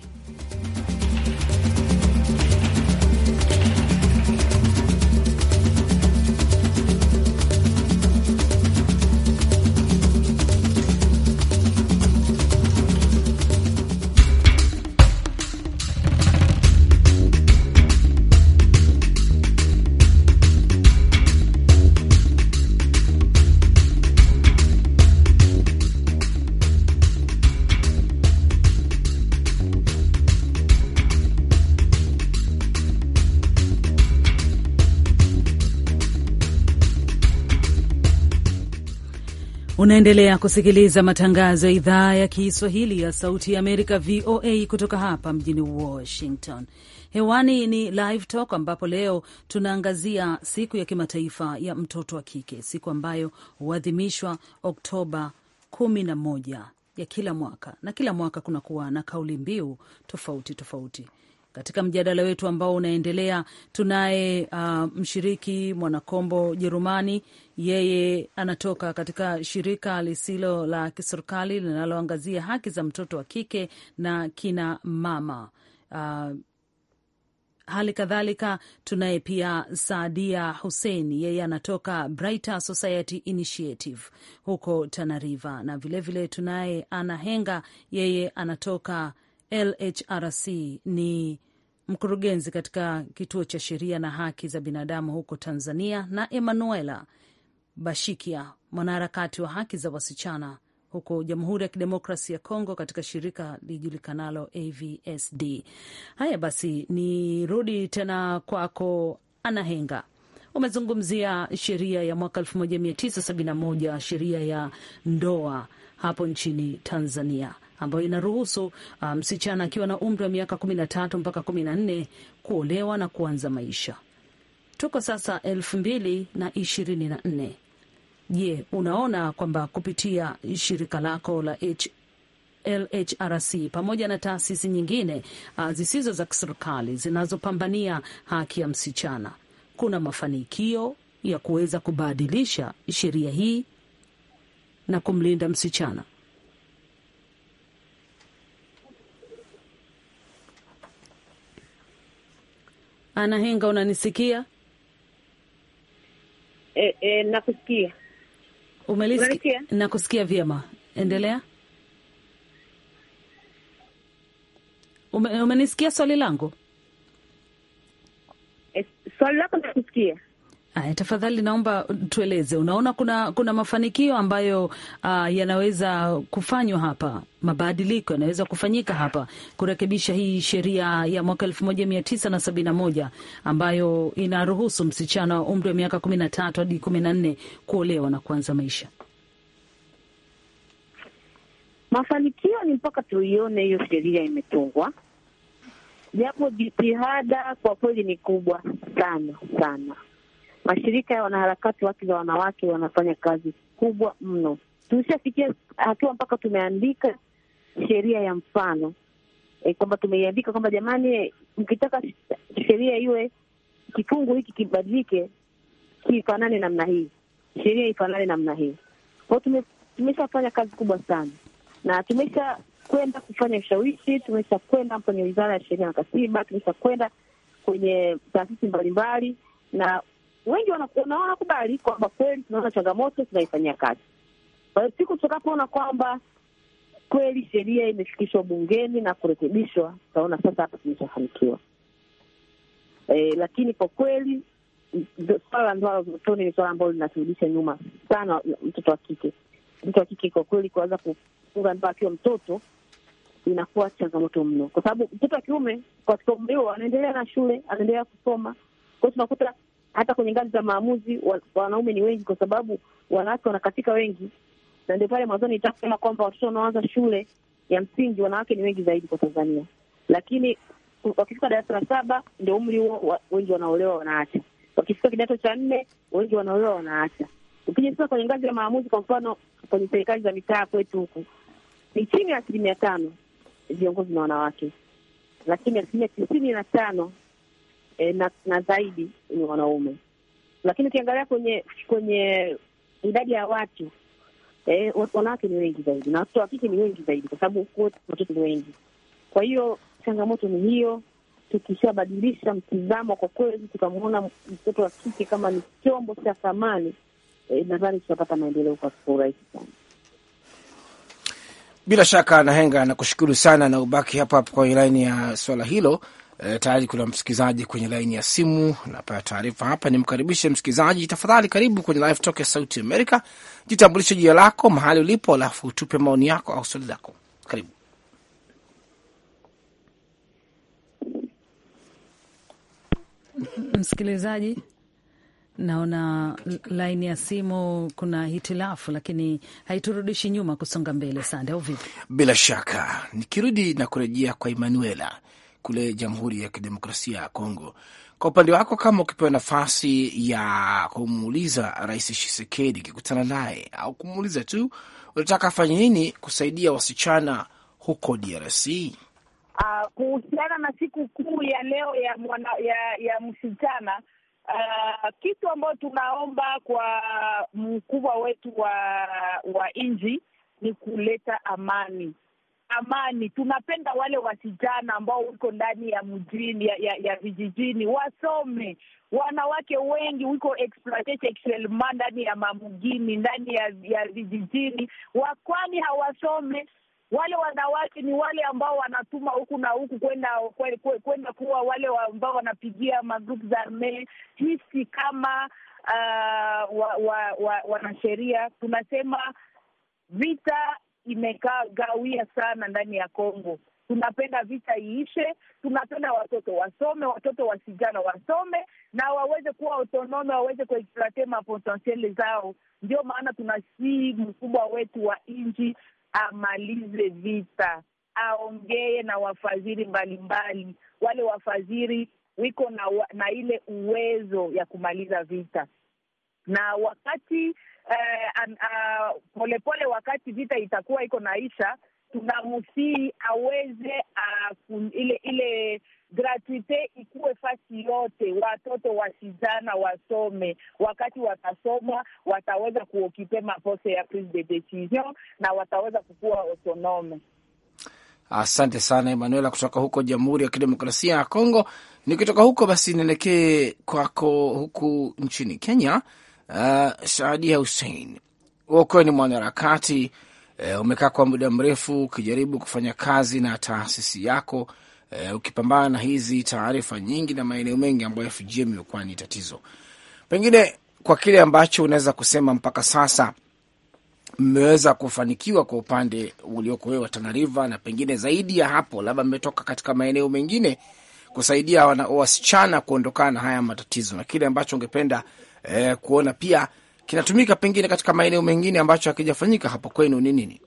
Unaendelea kusikiliza matangazo ya idhaa ya Kiswahili ya Sauti ya Amerika, VOA, kutoka hapa mjini Washington. Hewani ni Live Talk, ambapo leo tunaangazia siku ya kimataifa ya mtoto wa kike, siku ambayo huadhimishwa Oktoba 11 ya kila mwaka, na kila mwaka kunakuwa na kauli mbiu tofauti tofauti. Katika mjadala wetu ambao unaendelea tunaye uh, mshiriki Mwanakombo Jerumani. Yeye anatoka katika shirika lisilo la kiserikali linaloangazia haki za mtoto wa kike na kina mama uh, hali kadhalika tunaye pia Saadia Hussein, yeye anatoka Brighter Society Initiative huko Tanariva, na vilevile tunaye Ana Henga, yeye anatoka LHRC ni mkurugenzi katika kituo cha sheria na haki za binadamu huko Tanzania, na Emanuela Bashikia, mwanaharakati wa haki za wasichana huko Jamhuri ya Kidemokrasi ya Kongo katika shirika lijulikanalo AVSD. Haya basi, ni rudi tena kwako Anahenga. Umezungumzia sheria ya mwaka 1971 sheria ya ndoa hapo nchini Tanzania ambayo inaruhusu uh, msichana um, akiwa na umri wa miaka kumi na tatu mpaka kumi na nne kuolewa na kuanza maisha. Tuko sasa elfu mbili na ishirini na nne. Je, unaona kwamba kupitia shirika lako la H LHRC pamoja na taasisi nyingine uh, zisizo za kiserikali zinazopambania haki ya msichana, kuna mafanikio ya kuweza kubadilisha sheria hii na kumlinda msichana? Ana Henga, unanisikia? E, e, nakusikia. Umelisikia? Nakusikia vyema, endelea. Ume, umenisikia swali langu? E, swali lako nakusikia. Aya, tafadhali naomba tueleze, unaona kuna, kuna mafanikio ambayo uh, yanaweza kufanywa hapa, mabadiliko yanaweza kufanyika hapa kurekebisha hii sheria ya mwaka elfu moja mia tisa na sabini na moja ambayo inaruhusu msichana wa umri wa miaka kumi na tatu hadi kumi na nne kuolewa na kuanza maisha. Mafanikio ni mpaka tuione hiyo sheria imetungwa, japo jitihada kwa kweli ni kubwa sana sana mashirika ya wanaharakati wake za wanawake wanafanya kazi kubwa mno. Tulishafikia hatua mpaka tumeandika sheria ya mfano e, kwamba tumeiandika kwamba jamani, mkitaka sheria iwe kifungu hiki kibadilike kifanane namna hii, sheria ifanane namna hii. Kwao tume, tumeshafanya kazi kubwa sana na tumesha kwenda kufanya ushawishi, tumesha kwenda kwenye wizara ya sheria na katiba, tumesha kwenda kwenye taasisi mbalimbali na wengi wanakubali kwamba kweli tunaona changamoto, tunaifanyia kazi. Kwa hiyo siku tutakapoona kwamba kweli sheria imefikishwa bungeni na kurekebishwa, tutaona sasa hapa tumeshafanikiwa. E, lakini kwa kweli swala la ndoa utotoni ni swala ambalo linaturudisha nyuma sana. Mtoto wa kike, mtoto wa kike kwa kweli kuweza kufunga ndoa akiwa mtoto inakuwa changamoto mno, kwa sababu mtoto wa kiume katika umri huo anaendelea na shule, anaendelea kusoma. Kwa hiyo tunakuta hata kwenye ngazi za maamuzi wanaume ni wengi, kwa sababu wanawake wanakatika wengi, na ndio pale mwanzoni nitasema kwamba watoto wanaoanza shule ya msingi wanawake ni wengi zaidi kwa Tanzania, lakini wakifika darasa la saba ndio umri huo wengi wanaolewa wanaacha. Wakifika kidato cha nne wengi wanaolewa wanaacha. Ukija sasa kwenye ngazi ya maamuzi, kwa mfano kwenye serikali za mitaa kwetu huku ni chini ya asilimia tano viongozi na wanawake, lakini asilimia tisini na tano e, na, na zaidi ni wanaume, lakini ukiangalia kwenye kwenye idadi ya watu e, wanawake ni wengi zaidi na watoto wa kike ni wengi zaidi, kwa sababu wote watoto ni wengi. Kwa hiyo changamoto ni hiyo. Tukishabadilisha mtizamo kwa kweli, tukamwona mtoto wa kike kama ni chombo cha thamani e, nadhani tutapata maendeleo kwa urahisi sana. Bila shaka Nahenga, nakushukuru sana na ubaki hapa hapa kwenye laini ya swala hilo. Eh, tayari kuna msikilizaji kwenye laini ya simu, napata taarifa hapa. Nimkaribishe msikilizaji, tafadhali karibu kwenye Live Talk ya Sauti america Jitambulishe jina lako, mahali ulipo, alafu tupe maoni yako au swali lako. Karibu. Msikilizaji, naona laini ya simu kuna hitilafu, lakini haiturudishi nyuma kusonga mbele. Sande au vipi? Bila shaka nikirudi na kurejea kwa Emanuela kule Jamhuri ya Kidemokrasia ya Kongo. Kwa upande wako, kama ukipewa nafasi ya kumuuliza Rais Tshisekedi, kikutana naye au kumuuliza tu, unataka afanye nini kusaidia wasichana huko DRC? Uh, ah, kuhusiana na siku kuu ya leo ya mwana, ya, ya msichana uh, kitu ambayo tunaomba kwa mkubwa wetu wa wa nchi ni kuleta amani amani. Tunapenda wale wasichana ambao wiko ndani ya mjini ya, ya, ya vijijini wasome. Wanawake wengi wiko ndani ya mamugini ndani ya, ya vijijini, wakwani hawasome wale wanawake ni wale ambao wanatuma huku na huku kwenda kwenda kuwa wale ambao wanapigia magrupu za arme. Sisi kama uh, ah, wanasheria wa, wa, wa tunasema vita imegawia sana ndani ya Kongo. Tunapenda vita iishe, tunapenda watoto wasome, watoto wasijana wasome na waweze kuwa autonome, waweze kuexplate mapotentiele zao. Ndio maana tunasii mkubwa wetu wa nchi amalize vita, aongee na wafadhili mbalimbali, wale wafadhili wiko na, na ile uwezo ya kumaliza vita na wakati polepole, eh, ah, wakati vita itakuwa iko naisha, tunamsii aweze uh, ile ile gratuite ikuwe fasi yote, watoto wasizana wasome. Wakati watasoma, wataweza kuokipe mapose ya prise de decision na wataweza kukuwa autonome. Asante sana Emanuela kutoka huko Jamhuri ya Kidemokrasia ya Kongo. Nikitoka huko basi nielekee kwako huku nchini Kenya Uh, Saadia Hussein, uko ni mwanaharakati uh, umekaa kwa muda mrefu ukijaribu kufanya kazi na taasisi yako uh, ukipambana na hizi taarifa nyingi na maeneo mengi ambayo FGM imekuwa ni tatizo, pengine kwa kile ambacho unaweza kusema mpaka sasa mmeweza kufanikiwa kwa upande ulioko wewe wa Tana River, na pengine zaidi ya hapo, labda mmetoka katika maeneo mengine kusaidia wana, wasichana kuondokana na haya matatizo na kile ambacho ungependa eh, kuona pia kinatumika pengine katika maeneo mengine ambacho hakijafanyika hapo kwenu ni nini?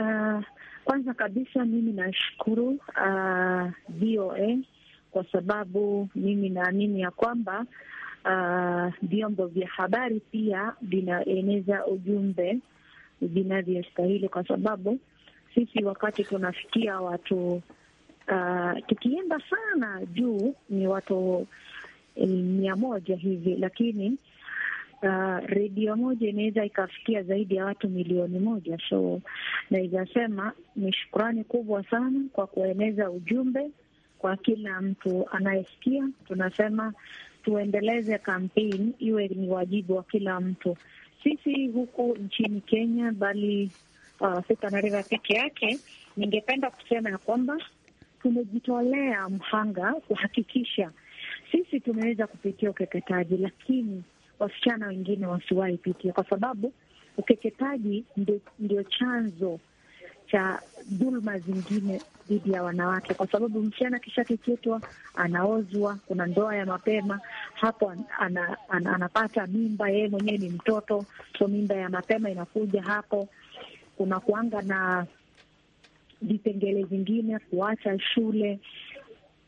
Uh, kwanza kabisa mimi nashukuru ah, VOA kwa sababu mimi naamini ya kwamba ah, vyombo uh, vya habari pia vinaeneza ujumbe vinavyostahili, kwa sababu sisi wakati tunafikia watu uh, tukienda sana juu ni watu eh, mia moja hivi, lakini uh, redio moja inaweza ikafikia zaidi ya watu milioni moja. So naweza sema ni shukurani kubwa sana kwa kueneza ujumbe kwa kila mtu anayesikia. Tunasema tuendeleze kampeni, iwe ni wajibu wa kila mtu, sisi huku nchini Kenya, bali uh, peke yake, ningependa kusema ya kwamba tumejitolea mhanga kuhakikisha sisi tumeweza kupitia ukeketaji, lakini wasichana wengine wasiwahi pitia, kwa sababu ukeketaji ndio, ndio chanzo cha dhuluma zingine dhidi ya wanawake, kwa sababu msichana akishakeketwa anaozwa, kuna ndoa ya mapema hapo, an, an, an, anapata mimba, yeye mwenyewe ni mtoto, so mimba ya mapema inakuja hapo kuna kuanga na vipengele vingine, kuacha shule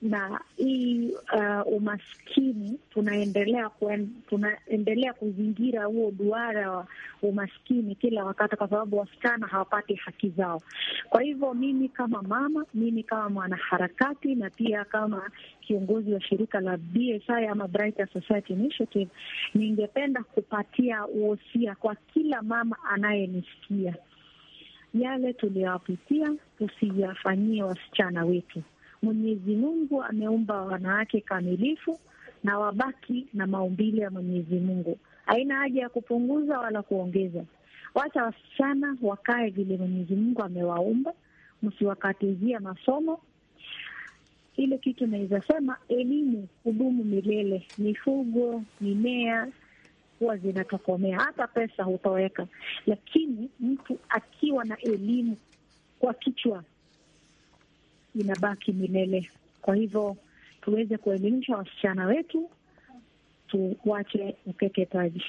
na hii uh, umaskini tunaendelea kuen, tunaendelea kuzingira huo duara wa umaskini kila wakati, kwa sababu wasichana hawapati haki zao. Kwa hivyo mimi kama mama, mimi kama mwanaharakati na pia kama kiongozi wa shirika la BSI ama Brighter Society Initiative, ningependa kupatia uhosia kwa kila mama anayenisikia yale tuliyoyapitia tusiyafanyie wasichana wetu. Mwenyezi Mungu ameumba wanawake kamilifu na wabaki na maumbile ya Mwenyezi Mungu. Haina haja ya kupunguza wala kuongeza. Wacha wasichana wakae vile Mwenyezi Mungu amewaumba, msiwakatizia masomo. Ile kitu naweza sema elimu hudumu milele. Mifugo, mimea zitakuwa zinatokomea, hata pesa hutoweka. Lakini mtu akiwa na elimu kwa kichwa inabaki milele. Kwa hivyo tuweze kuelimisha wasichana wetu, tuwache ukeketaji.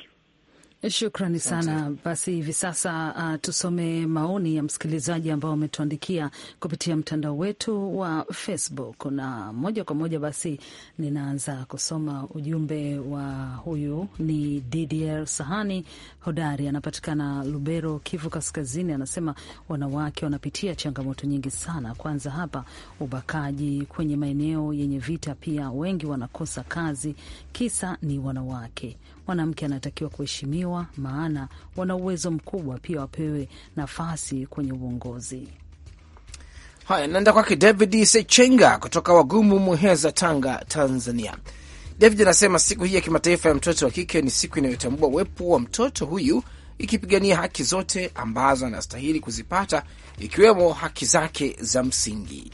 Shukrani sana. Basi hivi sasa uh, tusome maoni ya msikilizaji ambao wametuandikia kupitia mtandao wetu wa Facebook na moja kwa moja. Basi ninaanza kusoma ujumbe wa huyu, ni Didier Sahani Hodari, anapatikana Lubero, Kivu Kaskazini. Anasema wanawake wanapitia changamoto nyingi sana, kwanza hapa ubakaji kwenye maeneo yenye vita, pia wengi wanakosa kazi, kisa ni wanawake mwanamke anatakiwa kuheshimiwa, maana wana uwezo mkubwa, pia wapewe nafasi kwenye uongozi. Haya, naenda kwake David Sechenga kutoka Wagumu, Muheza, Tanga, Tanzania. David anasema siku hii ya kimataifa ya mtoto wa kike ni siku inayotambua uwepo wa mtoto huyu, ikipigania haki zote ambazo anastahili kuzipata, ikiwemo haki zake za msingi.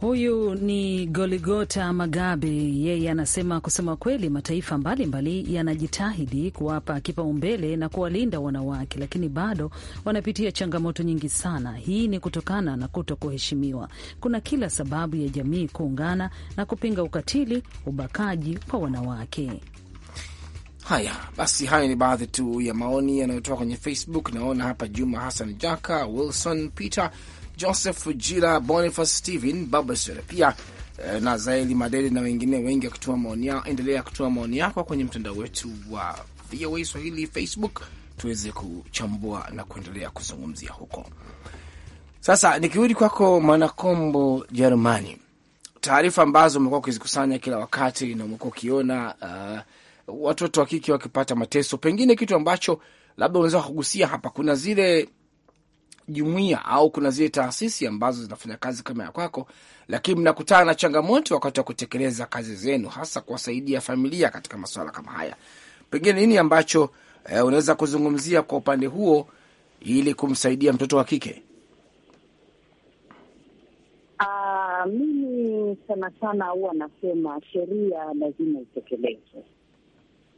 Huyu ni Goligota Magabe, yeye anasema kusema kweli, mataifa mbalimbali yanajitahidi kuwapa kipaumbele na kuwalinda wanawake, lakini bado wanapitia changamoto nyingi sana. Hii ni kutokana na kuto kuheshimiwa. Kuna kila sababu ya jamii kuungana na kupinga ukatili, ubakaji kwa wanawake. Haya basi, hayo ni baadhi tu ya maoni yanayotoka kwenye Facebook. Naona hapa Juma Hassan, Jaka Wilson, Peter Joseph Jira, Boniface Stephen, Baba pia eh, na Zaeli Madeli na wengine wengi akutuma maoni yao. Endelea kutuma maoni yako kwenye mtandao wetu wa VOA Swahili Facebook, tuweze kuchambua na kuendelea kuzungumzia huko. Sasa nikirudi kwako Mwanakombo Jerumani, taarifa ambazo umekuwa ukizikusanya kila wakati na umekuwa ukiona uh, watoto wa kike wakipata mateso, pengine kitu ambacho labda unaweza kugusia hapa, kuna zile jumuia au kuna zile taasisi ambazo zinafanya kazi kama ya kwako, lakini mnakutana na changamoto wakati wa kutekeleza kazi zenu, hasa kuwasaidia familia katika masuala kama haya. Pengine nini ambacho eh, unaweza kuzungumzia kwa upande huo ili kumsaidia mtoto wa kike? Uh, mimi sana sana huwa nasema sheria lazima itekelezwe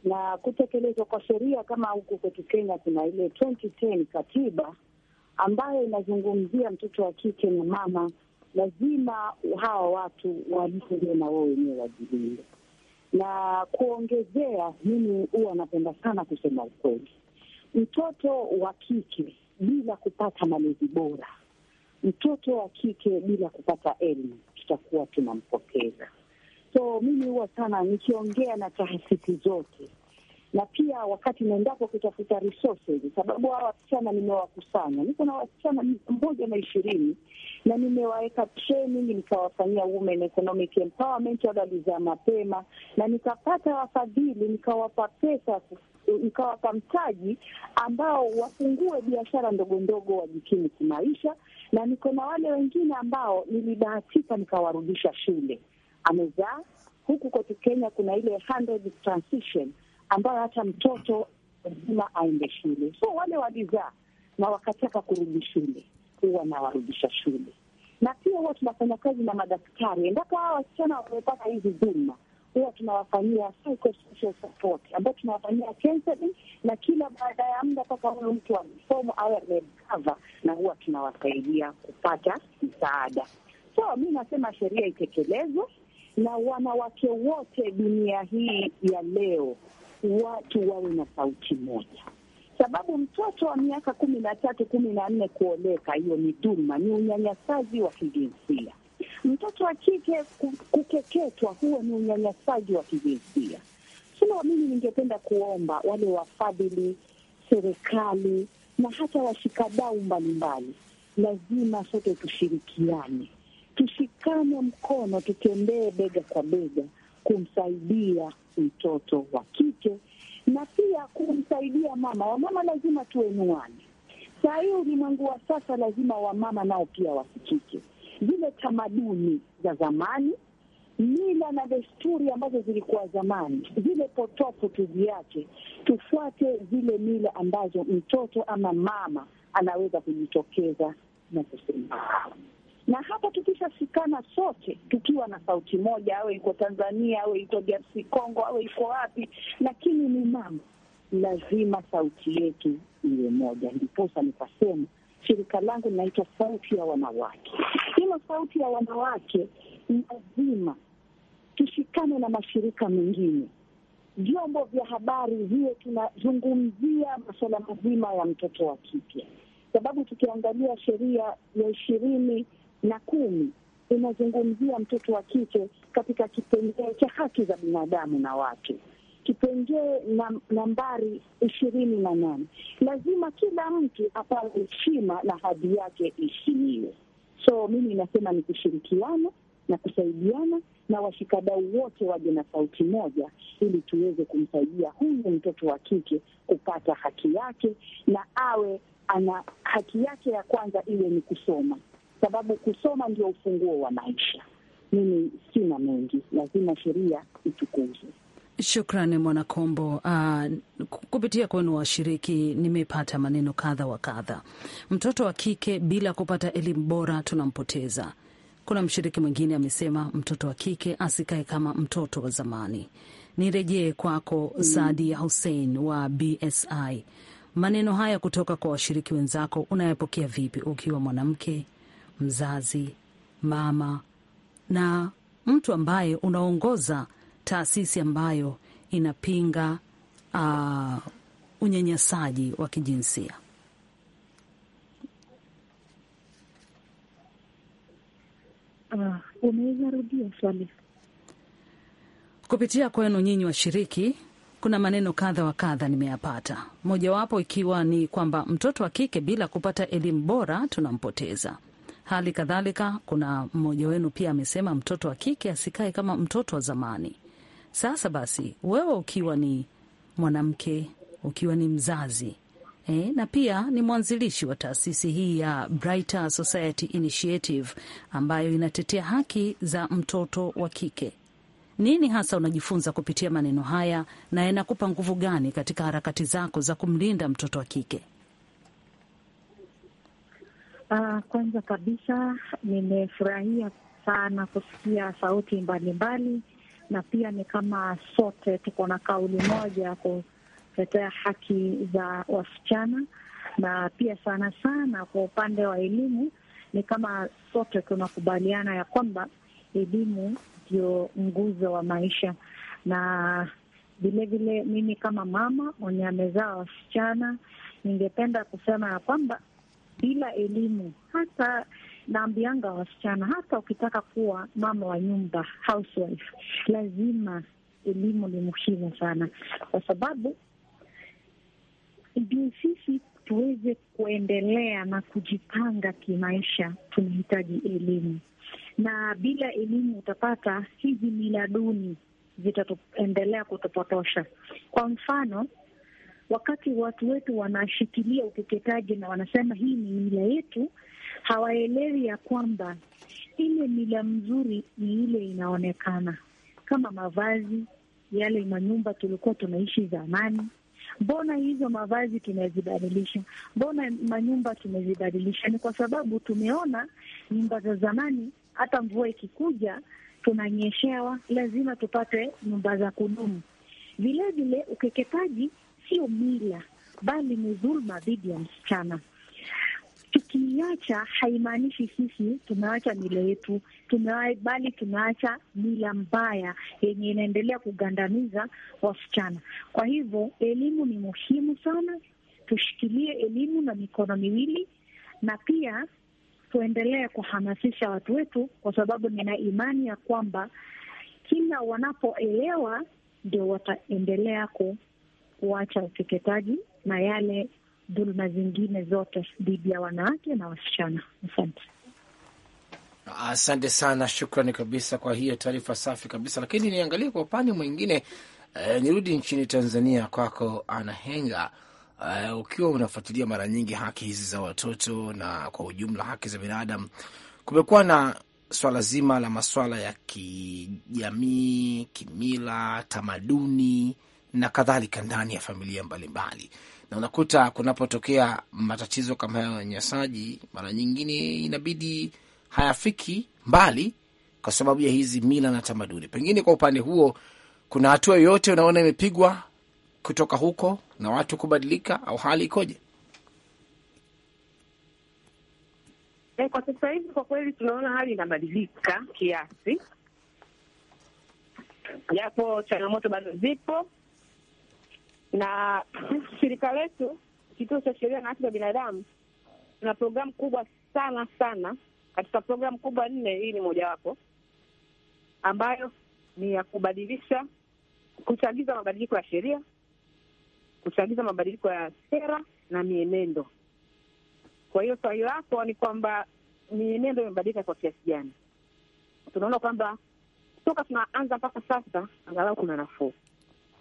na kutekelezwa kwa sheria kama huku kwetu Kenya kuna ile 2010 katiba ambayo inazungumzia mtoto wa kike na mama, lazima hawa watu walinde na wao wenyewe wajilinde. Na kuongezea, mimi huwa napenda sana kusema ukweli, mtoto wa kike bila kupata malezi bora, mtoto wa kike bila kupata elimu, tutakuwa tunampoteza. So mimi huwa sana nikiongea na taasisi zote na pia wakati naendapo kutafuta resources, sababu hawa wasichana nimewakusanya, niko na wasichana mmoja na ishirini na nimewaweka training, nikawafanyia women economic empowerment za mapema, na nikapata wafadhili, nikawapa pesa, nikawapa mtaji ambao wafungue biashara ndogo ndogo, wajikimu kimaisha, na niko na wale wengine ambao nilibahatika nikawarudisha shule. Amezaa huku kwetu Kenya kuna ile 100 transition ambayo hata mtoto lazima aende shule. So wale walizaa na wakataka kurudi shule, huwa nawarudisha shule, na pia huwa tunafanya kazi na madaktari. Endapo hawa wasichana wamepata hizi dhuma, huwa tunawafanyia psychosocial support, tunawafanyia counseling, na kila baada ya muda mpaka huyo mtu amesoma awe amekava, na huwa tunawasaidia kupata msaada. So mi nasema sheria itekelezwe na wanawake wote dunia hii ya leo watu wawe na sauti moja, sababu mtoto wa miaka kumi na tatu kumi na nne kuoleka, hiyo ni dhuluma, ni unyanyasaji wa kijinsia. Mtoto wa kike kukeketwa, huo ni unyanyasaji wa kijinsia. Sio, mimi ningependa kuomba wale wafadhili, serikali na hata washikadau mbalimbali, lazima sote tushirikiane, tushikane mkono, tutembee bega kwa bega kumsaidia mtoto wa kike na pia kumsaidia mama. Wamama lazima tuenuane. Saa hii ulimwengu wa sasa, lazima wamama nao pia wasikike. Zile tamaduni za zamani, mila na desturi ambazo zilikuwa zamani, zile potofu tuziache, tufuate zile mila ambazo mtoto ama mama anaweza kujitokeza na kusema na hapa tukishasikana sote tukiwa na sauti moja, awe iko Tanzania, awe iko DRC Congo, awe iko wapi, lakini ni mama, lazima sauti yetu iwe moja. Ndiposa nikasema shirika langu linaitwa Sauti ya Wanawake. Hilo Sauti ya Wanawake lazima tushikane na mashirika mengine, vyombo vya habari viwe tunazungumzia masuala mazima ya mtoto wa kike, sababu tukiangalia sheria ya ishirini na kumi inazungumzia mtoto wa kike katika kipengee cha haki za binadamu na watu kipengee na nambari ishirini na nane lazima kila mtu apawe heshima na hadhi yake ishimiwe So mimi inasema ni kushirikiana na kusaidiana na washikadau wote waje na sauti moja, ili tuweze kumsaidia huyu mtoto wa kike kupata haki yake, na awe ana haki yake ya kwanza iwe ni kusoma sababu kusoma ndio ufunguo wa maisha. Mimi sina mengi, lazima sheria itukuzwe. Shukrani Mwanakombo. Uh, kupitia kwenu washiriki nimepata maneno kadha wa kadha. Mtoto wa kike bila kupata elimu bora tunampoteza. Kuna mshiriki mwingine amesema mtoto wa kike asikae kama mtoto wa zamani. Nirejee kwako mm-hmm. Sadia Hussein wa BSI. Maneno haya kutoka kwa washiriki wenzako unayapokea vipi ukiwa mwanamke mzazi, mama na mtu ambaye unaongoza taasisi ambayo inapinga uh, unyanyasaji wa kijinsia. Uh, unaweza rudia swali? Kupitia kwenu nyinyi washiriki, kuna maneno kadha wa kadha nimeyapata, mojawapo ikiwa ni kwamba mtoto wa kike bila kupata elimu bora tunampoteza. Hali kadhalika kuna mmoja wenu pia amesema mtoto wa kike asikae kama mtoto wa zamani. Sasa basi, wewe ukiwa ni mwanamke, ukiwa ni mzazi E, na pia ni mwanzilishi wa taasisi hii ya Brighter Society Initiative ambayo inatetea haki za mtoto wa kike. Nini hasa unajifunza kupitia maneno haya na yanakupa nguvu gani katika harakati zako za kumlinda mtoto wa kike? Uh, kwanza kabisa nimefurahia sana kusikia sauti mbalimbali mbali, na pia ni kama sote tuko na kauli moja ya kutetea haki za wasichana, na pia sana sana kwa upande wa elimu ni kama sote tunakubaliana ya kwamba elimu ndio nguzo wa maisha, na vilevile mimi kama mama mwenye amezaa wasichana ningependa kusema ya kwamba bila elimu. Hata naambianga wasichana, hata ukitaka kuwa mama wa nyumba housewife, lazima elimu ni muhimu sana, kwa sababu ndio sisi tuweze kuendelea na kujipanga kimaisha, tunahitaji elimu, na bila elimu utapata hizi mila duni zitatuendelea kutopotosha. Kwa mfano wakati watu wetu wanashikilia ukeketaji na wanasema hii ni mila yetu, hawaelewi ya kwamba ile mila mzuri ni ile inaonekana kama mavazi yale manyumba tulikuwa tunaishi zamani. Mbona hizo mavazi tumezibadilisha? Mbona manyumba tumezibadilisha? Ni kwa sababu tumeona nyumba za zamani, hata mvua ikikuja tunanyeshewa, lazima tupate nyumba za kudumu. Vilevile ukeketaji sio mila, bali ni dhulma dhidi ya msichana. Tukiacha haimaanishi sisi tumeacha mila yetu, bali tumeacha mila mbaya yenye inaendelea kugandamiza wasichana. Kwa hivyo elimu ni muhimu sana, tushikilie elimu na mikono miwili, na pia tuendelee kuhamasisha watu wetu, kwa sababu nina imani ya kwamba kila wanapoelewa ndio wataendelea ku kuacha ukeketaji na yale dhuluma zingine zote dhidi ya wanawake na wasichana. Asante. Asante sana, shukrani kabisa kwa hiyo taarifa safi kabisa. Lakini niangalie kwa upande mwingine eh, nirudi nchini Tanzania kwako Anahenga. Uh, eh, ukiwa unafuatilia mara nyingi haki hizi za watoto na kwa ujumla haki za binadamu, kumekuwa na swala zima la maswala ya kijamii, kimila, tamaduni na kadhalika ndani ya familia mbalimbali na unakuta kunapotokea matatizo kama hayo ya unyanyasaji, mara nyingine inabidi hayafiki mbali kwa sababu ya hizi mila na tamaduni. Pengine kwa upande huo, kuna hatua yoyote unaona imepigwa kutoka huko na watu kubadilika, au hali ikoje? E, kwa sasa hivi kwa kweli tunaona hali inabadilika kiasi, japo changamoto bado zipo na shirika letu Kituo cha Sheria na Haki za Binadamu tuna programu kubwa sana sana. Katika programu kubwa nne, hii ni mojawapo ambayo ni ya kubadilisha, kuchagiza mabadiliko ya sheria, kuchagiza mabadiliko ya sera na mienendo. Kwa hiyo swali lako ni kwamba mienendo imebadilika kwa kiasi gani? Tunaona kwamba toka tunaanza mpaka sasa angalau kuna nafuu.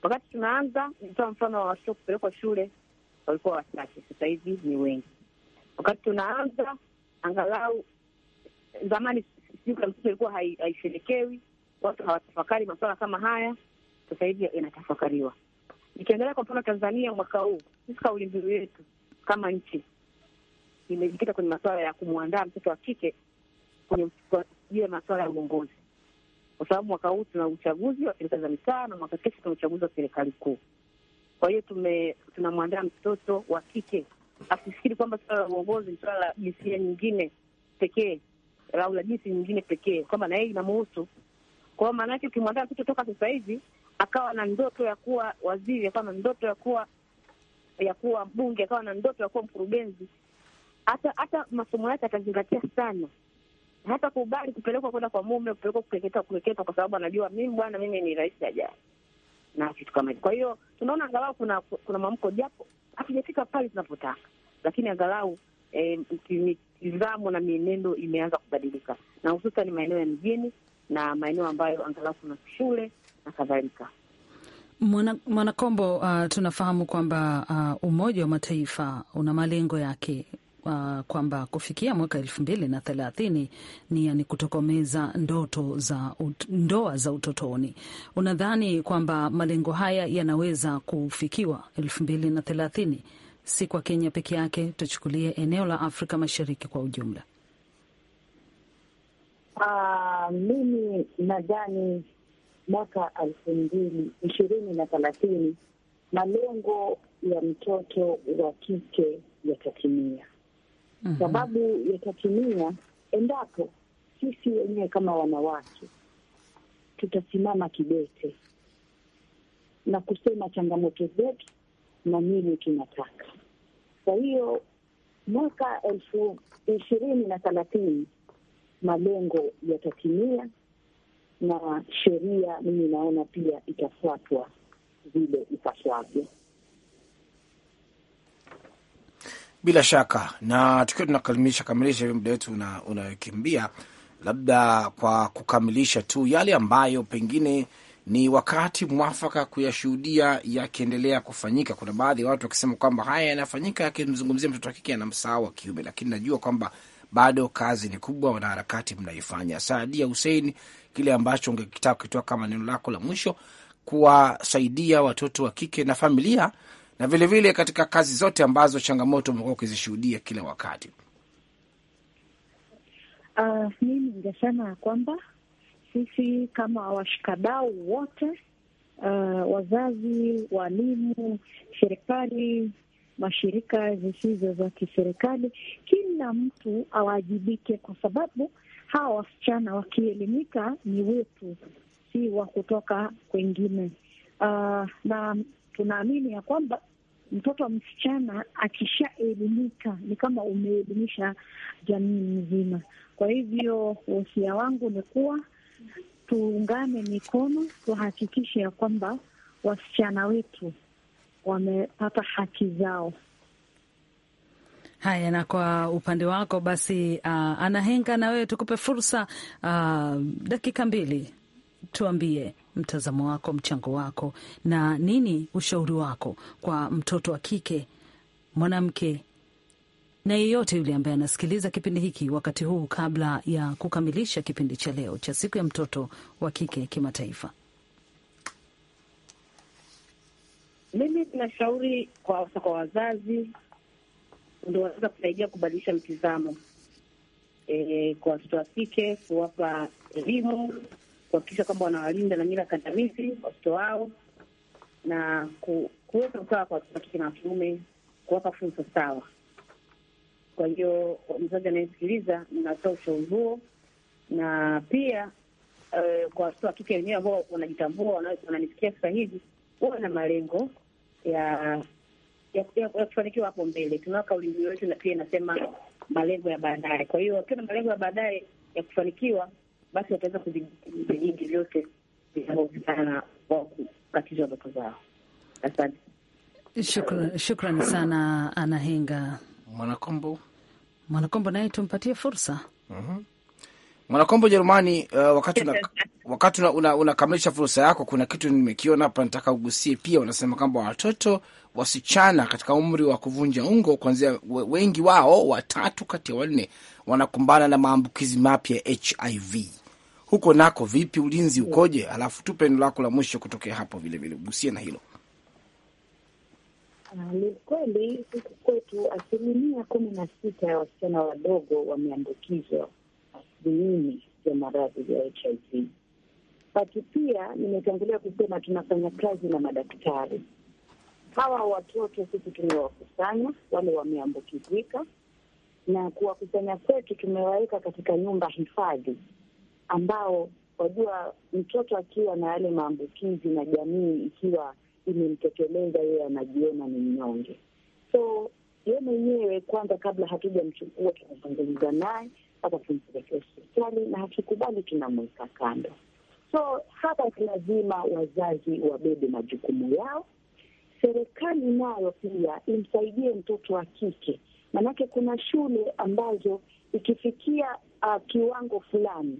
Wakati tunaanza nitoa mfano wa watoto kupelekwa shule, walikuwa wachache, sasa hivi ni wengi. Wakati tunaanza angalau, zamani siku ya mtoto ilikuwa haisherekewi, watu hawatafakari masuala kama haya, sasa hivi inatafakariwa. Nikiangalia kwa mfano Tanzania mwaka huu, sisi kauli mbiu yetu kama nchi imejikita kwenye masuala ya kumwandaa mtoto wa kike kwenye masuala ya uongozi kwa sababu mwaka huu tuna uchaguzi wa serikali za mitaa na mwaka kesho tuna uchaguzi wa serikali kuu. Kwa hiyo tunamwandaa mtoto wa kike asifikiri kwamba suala la uongozi ni suala la jinsia nyingine pekee au la jinsi nyingine pekee, kwamba na yeye inamuhusu. Kwa hiyo maana ukimwandaa mtoto toka sasa hivi akawa na ndoto ya kuwa waziri, akawa na ndoto ya kuwa ya kuwa mbunge, akawa na ndoto ya kuwa mkurugenzi, hata hata masomo yake atazingatia sana hata kubali kupelekwa kwenda kwa mume, kupelekwa kukeketwa, kukeketwa, kwa sababu anajua mimi bwana, mimi ni rais ajaye na kitu kama hicho. Kwa hiyo tunaona angalau kuna kuna mwamko, japo hatujafika pale tunapotaka, lakini angalau eh, mitizamo na mienendo imeanza kubadilika, na hususan maeneo ya mjini na maeneo ambayo angalau kuna shule na kadhalika. Mwanakombo, mwana uh, tunafahamu kwamba uh, Umoja wa Mataifa una malengo yake uh, kwamba kufikia mwaka elfu mbili na thelathini nia ni kutokomeza ndoto za ut, ndoa za utotoni. Unadhani kwamba malengo haya yanaweza kufikiwa elfu mbili na thelathini si kwa Kenya peke yake, tuchukulie eneo la Afrika Mashariki kwa ujumla? Uh, mimi nadhani mwaka elfu mbili ishirini na thelathini malengo ya mtoto wa kike yatatimia. Mhm. sababu yatatimia endapo sisi wenyewe kama wanawake tutasimama kidete na kusema changamoto zetu na nini tunataka. Kwa hiyo mwaka elfu ishirini na thelathini malengo yatatimia na sheria mimi naona pia itafuatwa vile ipaswavyo. Bila shaka na tukiwa tunakamilisha kamilisha hivi, muda wetu unakimbia, labda kwa kukamilisha tu yale ambayo pengine ni wakati mwafaka kuyashuhudia yakiendelea kufanyika. Kuna baadhi ya watu wakisema kwamba haya yanafanyika yakimzungumzia mtoto wa kike anamsahau wa kiume, lakini najua kwamba bado kazi ni kubwa, wanaharakati mnaifanya. Saadia Husein, kile ambacho ungekitaka kukitoa kama neno lako la mwisho kuwasaidia watoto wa kike na familia na vilevile vile katika kazi zote ambazo changamoto umekuwa ukizishuhudia kila wakati? Uh, mimi ningesema ya kwamba sisi kama washikadau wote uh, wazazi, walimu, serikali, mashirika zisizo za kiserikali, kila mtu awajibike, kwa sababu hawa wasichana wakielimika ni wetu, si wa kutoka kwengine. Uh, na tunaamini ya kwamba mtoto wa msichana akishaelimika ni kama umeelimisha jamii nzima. Kwa hivyo wosia wangu ni kuwa tuungane mikono, tuhakikishe ya kwamba wasichana wetu wamepata haki zao. Haya, na kwa upande wako basi, uh, Anahenga, na wewe tukupe fursa uh, dakika mbili, tuambie mtazamo wako, mchango wako, na nini ushauri wako kwa mtoto wa kike, mwanamke na yeyote yule ambaye anasikiliza kipindi hiki wakati huu, kabla ya kukamilisha kipindi cha leo cha siku ya mtoto wa kike kimataifa? Mimi nashauri kwa, kwa wazazi ndio wanaweza kusaidia kubadilisha mtizamo e, kwa watoto wa kike, kuwapa elimu kuhakikisha kwamba wanawalinda na nyila kandamizi watoto wao na kuweka usawa kwa watoto wa kike na wakiume, kuwapa fursa sawa. Kwa hiyo mzazi anayesikiliza, ninatoa ushauri huo na pia uh, kwa watoto wa kike wenyewe ambao wanajitambua, wananisikia sasa hivi, huwe na malengo ya ya, ya, ya kufanikiwa hapo mbele. Tunao kauli mbiu yetu na pia inasema malengo ya baadaye. Kwa hiyo wakiwa na malengo ya baadaye ya kufanikiwa basi wataweza kuvijingi vyote vinavyohusiana na wao kukatizwa ndoto zao. Asante, shukran, shukran sana Anahenga Mwanakombo. Mwanakombo naye tumpatie fursa. mm-hmm. Mwanakombo Jerumani. Uh, wakati una, wakati unakamilisha una fursa yako, kuna kitu nimekiona hapa nataka ugusie pia. Unasema kwamba watoto wasichana katika umri wa kuvunja ungo kuanzia wengi wao watatu kati ya wanne wanakumbana na maambukizi mapya ya HIV huko nako vipi, ulinzi ukoje? Alafu tupe neno lako la mwisho kutokea hapo, vilevile gusia na hilo. Ah, ni kweli huku kwetu asilimia kumi na sita ya wasichana wadogo wameambukizwa viini vya maradhi ya HIV. Basi pia nimetangulia kusema tunafanya kazi na madaktari. Hawa watoto sisi tumewakusanya wale wameambukizika, na kuwakusanya kwetu tumewaweka katika nyumba hifadhi ambao wajua, mtoto akiwa na yale maambukizi na jamii ikiwa imemtekeleza yeye anajiona ni mnyonge. So ye mwenyewe kwanza, kabla hatujamchukua tunazungumza naye hata tumpelekea hospitali, na hatukubali tunamweka kando. So hapa ni lazima wazazi wabebe majukumu yao, serikali nayo pia imsaidie mtoto wa kike, maanake kuna shule ambazo ikifikia uh, kiwango fulani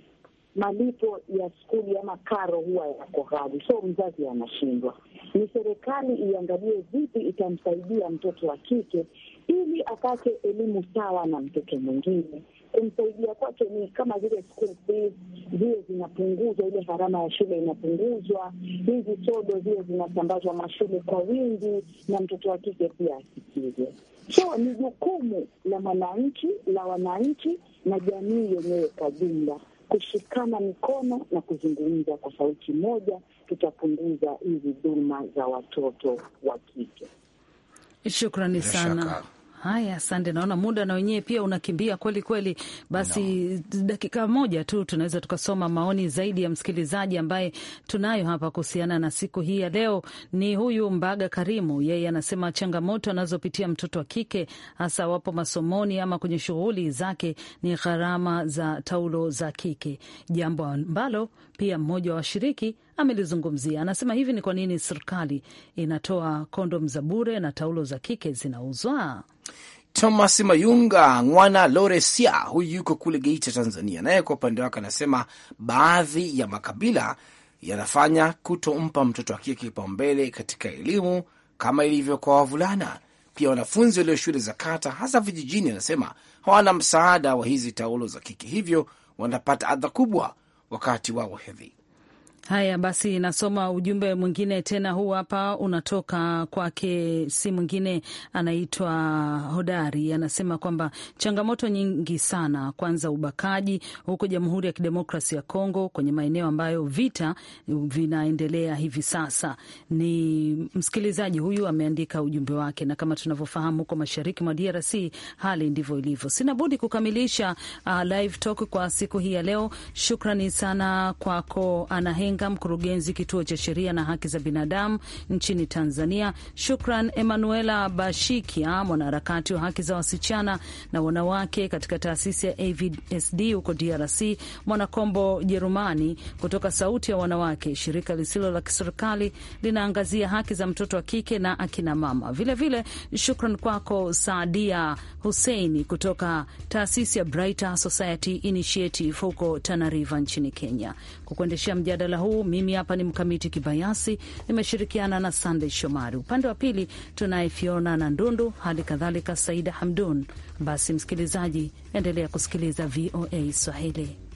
malipo ya skuli ama karo huwa yako ghali, so mzazi anashindwa. Ni serikali iangalie vipi itamsaidia mtoto wa kike ili apate elimu sawa na mtoto mwingine. Kumsaidia kwake ni kama zile school fees zile zinapunguzwa, ile gharama ya shule inapunguzwa, hizi sodo zile zinasambazwa mashule kwa wingi, na mtoto wa kike pia asikizwe. So ni jukumu la mwananchi, la wananchi na jamii yenyewe kwa jumla kushikana mikono na kuzungumza kwa sauti moja, tutapunguza hizi dhuluma za watoto wa kike. Shukrani sana. Haya, asante. Naona muda na wenyewe pia unakimbia kweli kweli. Basi no. dakika moja tu tunaweza tukasoma maoni zaidi ya msikilizaji ambaye tunayo hapa kuhusiana na siku hii ya leo. Ni huyu Mbaga Karimu, yeye anasema changamoto anazopitia mtoto wa kike hasa wapo masomoni ama kwenye shughuli zake ni gharama za taulo za kike, jambo ambalo pia mmoja wa washiriki amelizungumzia. Anasema hivi ni kwa nini serikali inatoa kondom za bure na taulo za kike zinauzwa. Thomas Mayunga Ng'wana Loresia, huyu yuko kule Geita, Tanzania, naye kwa upande wake anasema baadhi ya makabila yanafanya kutompa mtoto wa kike kipaumbele katika elimu kama ilivyo kwa wavulana. Pia wanafunzi walio shule za kata, hasa vijijini, anasema hawana msaada wa hizi taulo za kike, hivyo wanapata adha kubwa wakati wao hedhi. Haya basi, nasoma ujumbe mwingine tena, huu hapa unatoka kwake, si mwingine anaitwa Hodari. Anasema kwamba changamoto nyingi sana, kwanza ubakaji huko Jamhuri ya Kidemokrasi ya Kongo, kwenye maeneo ambayo vita vinaendelea hivi sasa. Ni msikilizaji huyu ameandika ujumbe wake, na kama tunavyofahamu huko mashariki mwa DRC hali ndivyo ilivyo. Sina budi kukamilisha uh, live talk kwa siku hii ya leo. Shukrani sana kwako Anahe Mahenga, mkurugenzi kituo cha sheria na haki za binadamu nchini Tanzania, shukran Emanuela Bashikia, mwanaharakati wa haki za wasichana na wanawake katika taasisi ya AVSD huko DRC, Mwanakombo Jerumani kutoka Sauti ya Wanawake, shirika lisilo la kiserikali linaangazia haki za mtoto wa kike na akina mama. Vilevile shukran kwako Saadia Huseini kutoka taasisi ya Brighter Society Initiative huko Tanariva nchini Kenya kukuendeshea mjadala huu. Mimi hapa ni Mkamiti Kibayasi, nimeshirikiana na Sandey Shomari. Upande wa pili tunaye Fiona na Ndundu, hali kadhalika Saida Hamdun. Basi msikilizaji, endelea kusikiliza VOA Swahili.